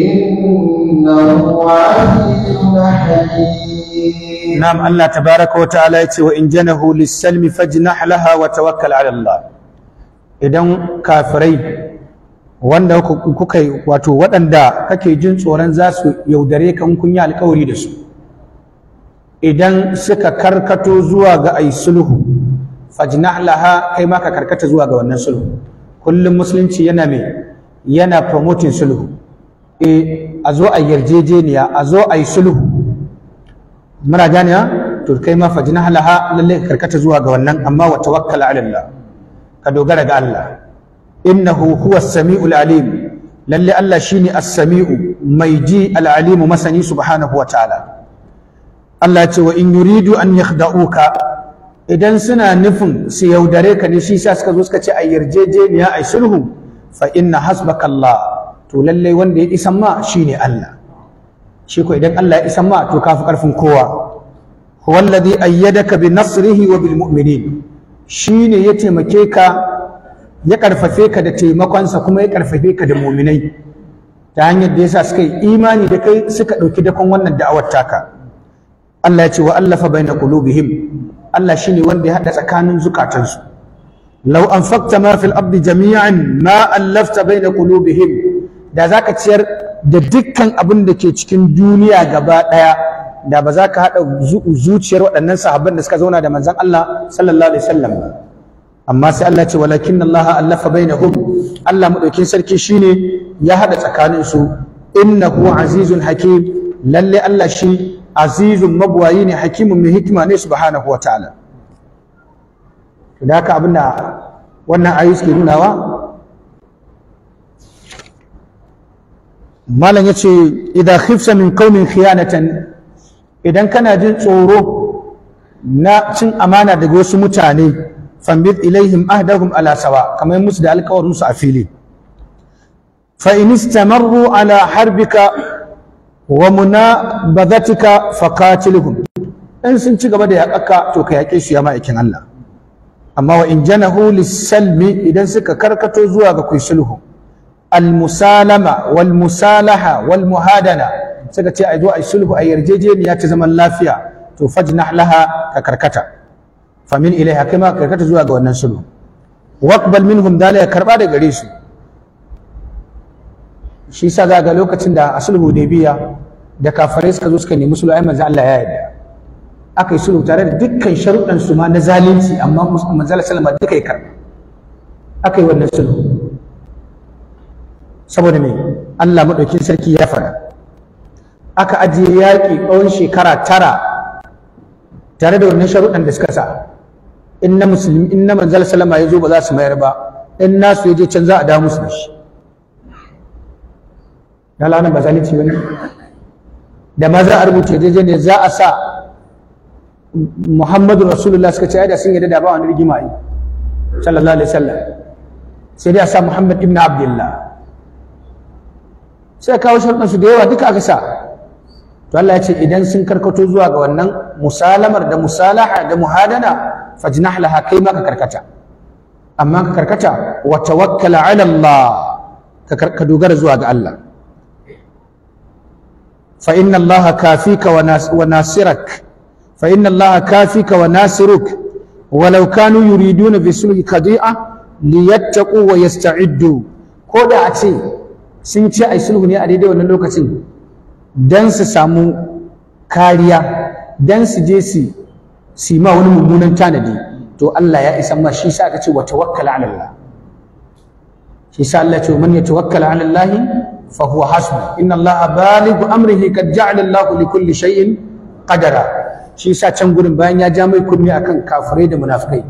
Speaker 1: إنه عزيز حكيم نعم الله تبارك وتعالى وإن idan kafirai wanda kuka wato waɗanda kake jin tsoron za su yaudare ka kun yi alkawari da su idan suka karkato zuwa ga ai sulhu fajnah laha kai ma ka karkata zuwa ga wannan sulhu kullum musulunci yana mai yana promoting sulhu eh a zo a yarjejeniya a zo a yi sulhu muna gane to kai ma fajina halaha lalle ka karkata zuwa ga wannan amma wa tawakkala ala ka dogara ga Allah innahu huwa samiul alim lalle Allah shine as-sami'u mai ji al-alimu masani subhanahu wa ta'ala Allah ce wa in yuridu an yakhda'uka idan suna nufin su yaudare ka ne shi sa suka zo suka ce a yarjejeniya a sulhu fa inna hasbaka Allah to lallai wanda ya isan ma shine Allah shi ko idan Allah ya isan ma to kafi karfin kowa huwa alladhi ayyadaka bi nasrihi wa bil mu'minin shine ya taimake ka ya karfafe ka da taimakonsa kuma ya karfafe ka da mu'minai ta hanyar da yasa suka yi imani da kai suka ɗauki dakon wannan da'awar taka Allah ya ce wa allafa baina qulubihim Allah shine wanda ya haɗa tsakanin zukatansu law anfaqta ma fil abdu jami'an ma allafta baina qulubihim da za ka ciyar da dukkan abin da ke cikin duniya gaba ɗaya da ba za ka haɗa zuciyar waɗannan sahabban da suka zauna da manzan Allah sallallahu alaihi wasallam ba amma sai Allah ce walakin Allah allafa bainahum Allah madaukin sarki shine ya haɗa tsakanin su innahu azizun hakim lalle Allah shi azizun mabwayi ne hakimun mai hikima ne subhanahu wataala da haka abinda wannan ayu suke nunawa malam ya ce idan khifsa min kaumin khiyanatan idan kana jin tsoro na cin amana daga wasu mutane fambit ilaihim ahdahum ala sawa kamar musu da alkawarin su a fili fa in istamarru ala harbika wa munabadatika faqatilhum in sun ci gaba da yaƙaka to ka yaƙe su ya ma'aikin Allah amma wa in janahu lis-salmi idan suka karkato zuwa ga kusulhu al-musalama wal musalaha wal muhadana suka ce a zo a sulhu a yarjejeniya ta zaman lafiya to fajnah laha ka karkata famin ilaiha kai ma karkata zuwa ga wannan sulhu waqbal minhum dalika karba da gare su shi sa za ga lokacin da a sulhu biya da kafarai suka zo suka nemi sulhu ai manzo Allah ya yarda aka yi sulhu tare da dukkan sharuɗan su ma na zalunci amma manzo Allah sallama duka ya karba aka yi wannan sulhu saboda me Allah madaukin sarki ya faɗa aka ajiye yaƙi tsawon shekara tara tare da wannan sharuɗan da suka sa in na musulmi in na manzal salama ya zo ba za su mayar ba in nasu ya je can za a dawo musu da shi na lanar ba zalunci wani da ma za a rubuta yarjejeniyar za a sa Muhammadu Rasulullah suka ce ai da sun yarda da ba wani rigima yi sallallahu alaihi wasallam sai dai a sa Muhammad ibn Abdullah sai kawo sharuɗansu da yawa duka aka sa to Allah ya ce idan sun karkato zuwa ga wannan musalamar da musalaha da muhadana fajnah laha kai ma ka karkata amma ka karkata wa tawakkal ala Allah ka dogara zuwa ga Allah fa inna Allah kafika wa nasirak fa inna Allah kafika wa nasiruk ولو كانوا يريدون في صلح قضيئة ليتقوا ويستعدوا كودا أتي sun ce a sulhu ne a daidai wannan lokacin dan su samu kariya dan su je su su ma wani mummunan tanadi to Allah ya isa ma shi sa aka ce wa tawakkala ala Allah shi sa Allah ce man yatawakkala ala Allah fa huwa hasbu inna Allah balighu amrihi kad ja'ala Allah li kulli shay'in qadara shi sa can gurin bayan ya ja mai kunni akan kafirai da munafikai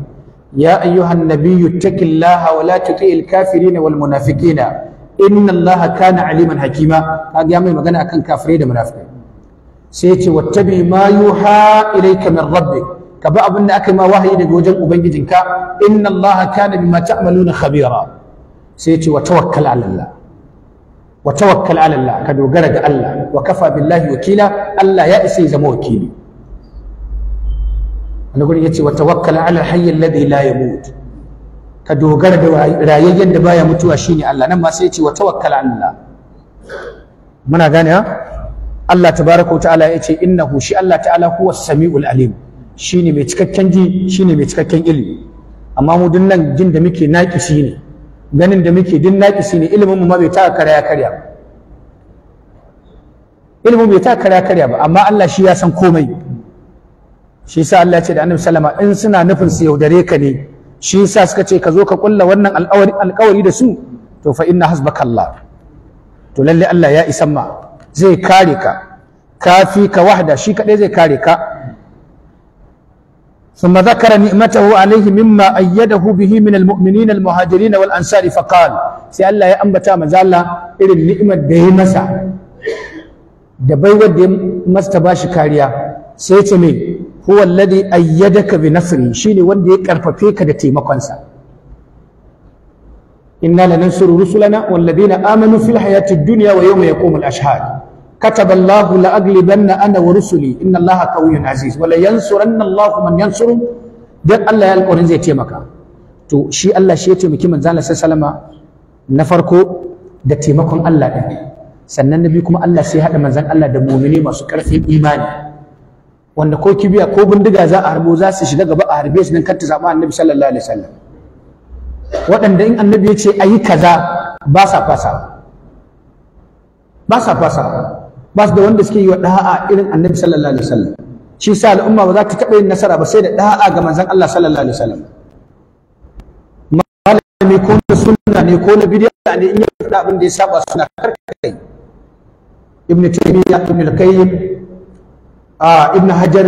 Speaker 1: ya ayyuhan nabiyyu taqillaha wa la tuti'il kafirin wal inna allaha kana aliman hakima kaga ya mai magana akan kafirai da munafikai sai yace wattabi ma yuha ilayka min rabbik ka ba abin da aka yi ma wahayi daga wajen ubangijinka inna allaha kana bima ta'maluna khabira sai yace wa tawakkal ala allah wa tawakkal ala allah ka dogara ga allah wa kafa billahi wakila allah ya isa ya zama wakili wani gurin yace wa tawakkal ala alhayy alladhi la yamut ka dogara da rayayyen da baya mutuwa shine Allah nan ma sai ya ce wa tawakkal Allah muna gane ha Allah tabaraka wa ta'ala ya ce innahu shi Allah ta'ala huwa samiul alim shine mai cikakken ji shine mai cikakken ilimi amma mu din nan jin da muke naƙisi ne ganin da muke din naƙisi ne ilimin mu ma bai taka karya karya ba ilimin bai taka karya karya ba amma Allah shi ya san komai shi yasa Allah ya ce da Annabi sallama in suna nufin su yaudare ka ne shi yasa suka ce ka zo ka kulla wannan alƙawari da su to fa inna hasbaka Allah to lalle Allah ya isan ma zai kare ka kafi ka wahda shi kadai zai kare ka ثم ذكر نعمته عليه مما أيده به من المؤمنين المهاجرين والأنصار فقال سي الله يا أنبتا مزالا إرن نعمة ده مسا دبي ودي مستباش كاريا سيتمي huwa alladhi ayyadaka bi nasri shine wanda ya karfafe ka da taimakonsa inna lanansuru rusulana wal ladina amanu fil hayati duniya, wa yawma yaqumul ashhad كتب الله لأغلبن أنا ورسلي إن الله قوي عزيز ولا ينصرن الله من ينصره دك الله يلقون زي تيمكا تو شي الله شي تيمكي من زال سلama na farko da taimakon Allah ɗin sannan biyu kuma Allah sai haɗa manzan Allah da mumini masu ƙarfin imani wanda ko kibiya ko bindiga za a harbo za su shiga gaba a harbe su nan kanta zama annabi sallallahu alaihi wasallam waɗanda in annabi ya ce a yi kaza ba sa fasa ba sa fasa ba su da wanda suke yi wa ɗa'a irin annabi sallallahu alaihi wasallam shi sa al'umma ba za ta taɓa yin nasara ba sai da ɗa'a ga manzon Allah sallallahu alaihi wasallam malami ko na sunna ne ko na bidiya ne in ya faɗa abin da ya saba suna karkai ibn taymiya ibnu al-qayyim a ah, ibn hajar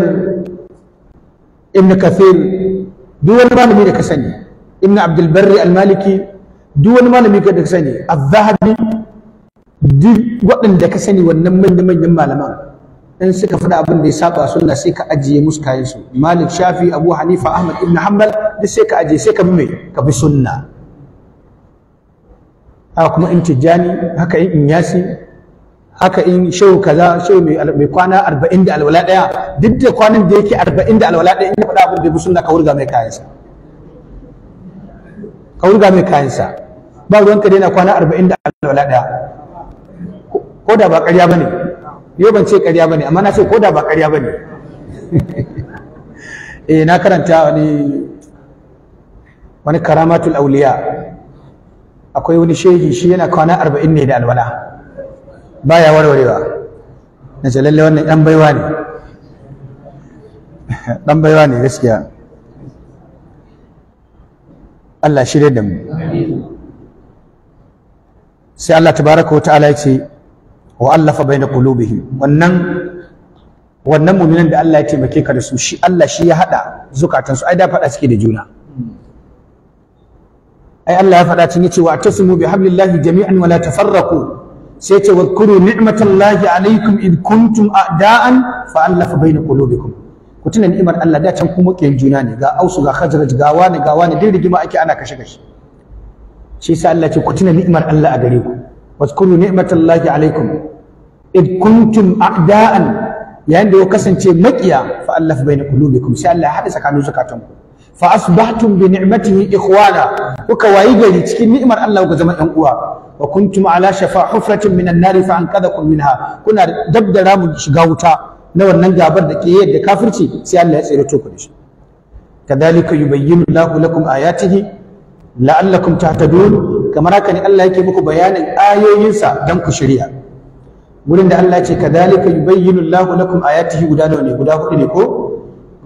Speaker 1: ibn kathir duk malami da ka sani ibn abdulbarri almaliki duk malami da ka sani az-zahabi duk waɗanda ka sani wannan manyan manyan malaman in suka faɗa abin da ya saba suna sai ka ajiye musu kayan malik shafi abu hanifa ahmad ibn hanbal duk sai ka ajiye sai ka bi mai ka bi sunna a kuma in tijjani haka in yasi haka in shehu kaza shehu mai kwana arba'in da alwala ɗaya duk da kwanan da yake arba'in da alwala ɗaya in ya faɗa abin da ya sunna ka wurga mai kayansa ka wurga mai kayansa ba ka daina kwana arba'in da alwala ɗaya ko da ba ƙarya bane Yo ban ce ƙarya bane amma na ce ko da ba ƙarya bane *laughs* eh na karanta wani wani karamatul awliya akwai wani shehi shi yana kwana arba'in ne da alwala baya warwarewa na ce lalle wannan ɗan baiwa ne ɗan baiwa ne gaskiya Allah shirya da mu sai Allah tabaraka wa ta'ala ya ce wa allafa baina qulubihim wannan wannan mu'minan da Allah ya taimake ka da su shi Allah shi ya hada zukatansu ai da fada suke da juna ai Allah ya fada cin yace wa tasimu bi hablillahi jami'an wa la tafarraqu sai ce wa kuru ni'matallahi alaikum id kuntum a'da'an fa allafa baina qulubikum ku tuna ni'imar Allah da can kuma kiyan juna ne ga ausu ga khazraj ga wani ga wani dai rigima ake ana kashe kashe shi sai Allah ce ku tuna ni'imar Allah a gare ku wazkuru ni'matallahi alaikum id kuntum a'da'an yayin da ya kasance makiya fa allafa baina qulubikum sai Allah ya hada tsakanin ku. fa asbahtum bi ni'matihi ikhwana kuka wayi gari cikin ni'imar Allah kuka zama ɗan uwa wa kuntum ala shafa hufratin minan nari fa anqadhakum da kuna dabdara mu shiga wuta na wannan gabar da ke yadda kafirci sai Allah ya tsere to ku da shi kadhalika yubayyinu Allahu lakum ayatihi la'allakum tahtadun kamar haka ne Allah yake muku bayanin ayoyinsa dan ku shirya Wurin da Allah ya ce kadhalika yubayyinu Allahu lakum ayatihi guda nawa ne guda hudu ne ko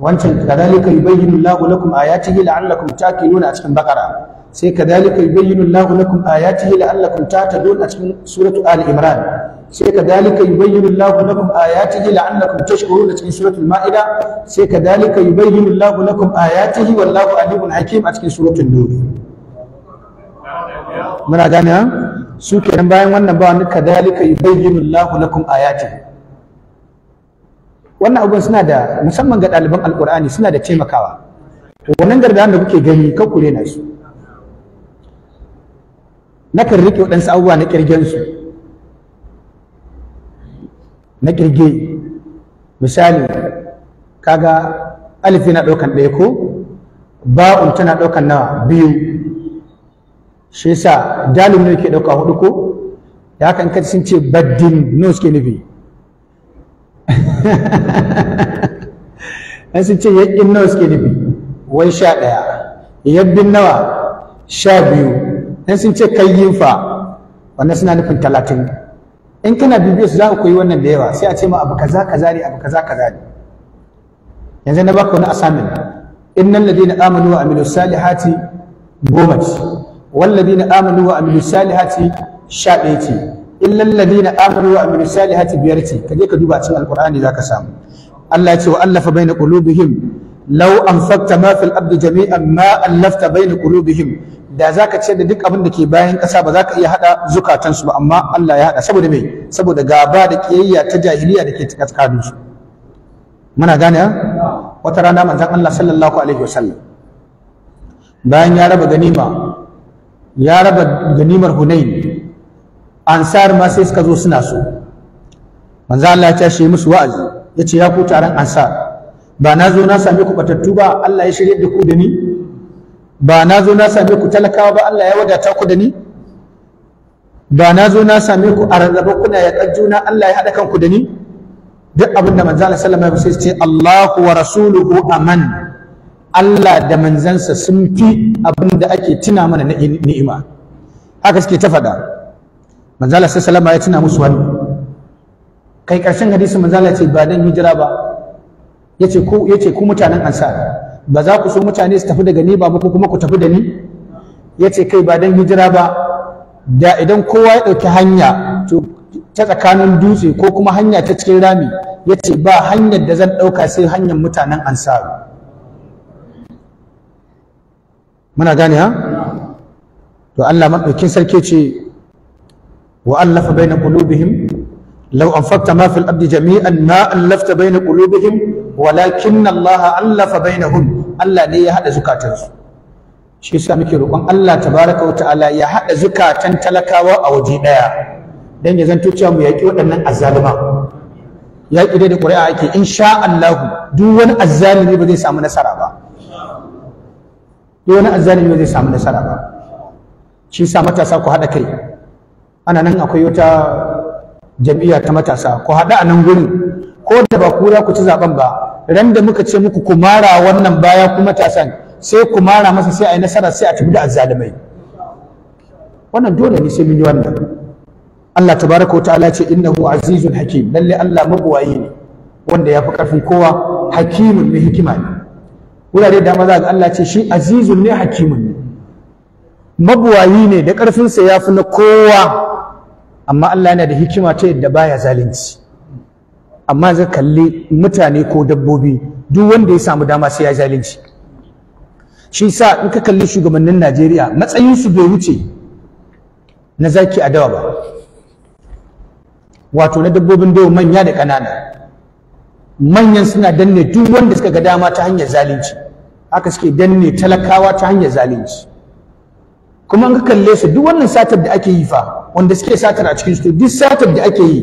Speaker 1: wancan kadhalika yubayyinu Allahu lakum ayatihi la'allakum taqiluna a cikin bakara sai kadhalika yubayyinu Allahu lakum ayatihi la'allakum tahtadun a cikin suratu ali imran sai kadhalika yubayyinu Allahu lakum ayatihi la'allakum tashkuruna cikin suratul ma'ida sai kadhalika yubayyinu Allahu lakum ayatihi wallahu alimun hakim a cikin suratul nur muna gane ha su kenan bayan wannan ba wani kadhalika yubayyinu Allahu lakum ayatihi wannan abubuwan suna da musamman ga ɗaliban alƙur'ani suna da taimakawa to wannan gargaɗin da kuke gani kan ku rena su nakan riƙe waɗansu abubuwa na ƙirgen su na ƙirge misali kaga alif yana ɗaukan ɗaya ko ba'un tana ɗaukan nawa biyu shi yasa dalin ne ke ɗauka hudu ko da haka in ka sun ce baddin nun suke nufi an *laughs* sun ce yaƙin nawa suke nufi wai sha ɗaya yabbin nawa sha biyu an sun ce kayyin fa wannan suna nufin talatin in kana bibiyar su za ku koyi wannan da yawa sai a ce ma abu kaza kaza ne abu kaza kaza ne yanzu na baka wani asamin innal ladina amanu wa amilus salihati goma ce wal ladina amanu wa amilus salihati sha ɗaya ce illal ladina amanu wa amilu salihati biyar ce ka je ka duba cikin alqur'ani zaka samu Allah ya ce wa allafa baina qulubihim law anfaqta ma fil ardi jami'an ma allafta baina qulubihim da zaka ce da duk abin da ke bayan kasa ba zaka iya hada zukatansu ba amma Allah ya hada saboda me saboda gaba da kiyayya ta jahiliya da ke tsakanin su muna gane wata rana manzon Allah sallallahu alaihi wasallam bayan ya raba ganima ya raba ganimar Hunain ansar ma sai suka zo suna so manzo Allah ya tashi musu wa'azi ya ce ya ku taron ansar ba na zo na same ku batattu ba Allah ya shirye da ku da ni ba na zo na same ku talakawa ba Allah ya wadata ku da ni ba na zo na same ku a rarraba kuna ya juna Allah ya haɗa kanku da ni duk abinda manzo Allah sallallahu alaihi wasallam ya ce Allahu wa rasuluhu aman Allah da manzansa sun fi abinda ake tuna mana ni'ima haka suke ta faɗa manzala sai salama ya tuna musu wani kai karshen hadisin manzala ce ba dan hijira ba yace ko yace ku mutanen ansar ba za ku so mutane su tafi daga ni ba ko kuma ku tafi da ni yace kai ba dan hijira ba da idan kowa ya dauki hanya to ta tsakanin dutse ko kuma hanya ta cikin rami yace ba hanyar da zan dauka sai hanyar mutanen ansar muna gane ha to Allah madaukin sarki ce وألف بين قلوبهم لو أنفقت ما في الأرض جميعا ما ألفت بين قلوبهم ولكن الله ألف بينهم ألا لي هذا زكاة shi yasa muke roƙon Allah tabaraka wa ta'ala ya haɗa zukatan talakawa a waje daya dan ya zanto cewa mu yaƙi waɗannan azzaluma yaƙi dai da ƙuri'a ake insha Allah duk wani azzalumi ba zai samu nasara ba duk ba zai samu nasara ba shi matasa ku haɗa kai ana nan akwai wata jam'iyya ta matasa ku haɗu a nan guri ko da ba ku ku ci zaɓen ba ran da muka ce muku ku mara wannan baya ku matasan sai ku mara masa sai a yi nasara sai a tafi da azzalumai wannan dole ne sai mun yi wannan Allah tabaraka ta'ala ce innahu azizun hakim lalle Allah mabuwayi ne wanda ya fi karfin kowa hakimun mai hikima ne wurare da maza ga Allah ce shi azizun ne hakimun mabuwayi ne da ƙarfinsa ya fi na kowa amma Allah yana da hikima ta yadda baya zalunci amma zai kalli mutane ko dabbobi duk wanda ya samu dama sai ya zalunci shi sa in ka kalli shugabannin Najeriya matsayinsu bai wuce na zaki a dawa ba wato na dabbobin dawa manya da ƙanana manyan suna danne duk wanda suka ga dama ta hanyar zalunci haka suke danne talakawa ta hanyar zalunci kuma an ka kalle su duk wannan satar da ake yi fa wanda suke satar a cikin su duk satar da ake yi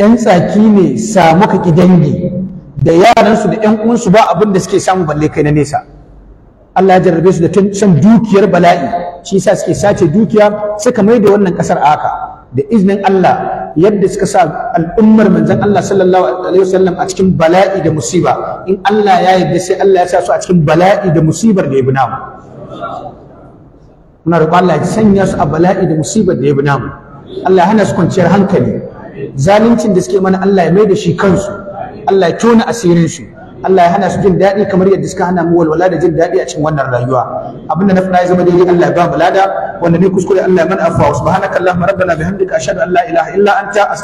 Speaker 1: yan tsaki ne samu ka dangi da su da yan uwansu ba abin da suke samu balle kai na nesa Allah ya jarrabe su da san dukiyar bala'i shi yasa suke sace dukiya suka mai da wannan kasar haka da iznin Allah yadda suka sa al'ummar manzon Allah sallallahu alaihi wasallam a cikin bala'i da musiba in Allah ya yarda sai Allah ya sa su a cikin bala'i da musibar da ya muna roƙon Allah ya sanya su a bala'i da musibar da ya bi namu Allah ya hana su kwanciyar hankali zaluncin da suke mana Allah ya mai da shi kansu Allah ya tona asirin su Allah ya hana su jin daɗi kamar yadda suka hana mu walwala da jin daɗi a cikin wannan rayuwa abinda na fada ya zama daidai Allah ya ba mu lada wanda ne kuskure Allah ya mana afwa subhanaka allahumma rabbana bihamdika ashhadu an la ilaha illa anta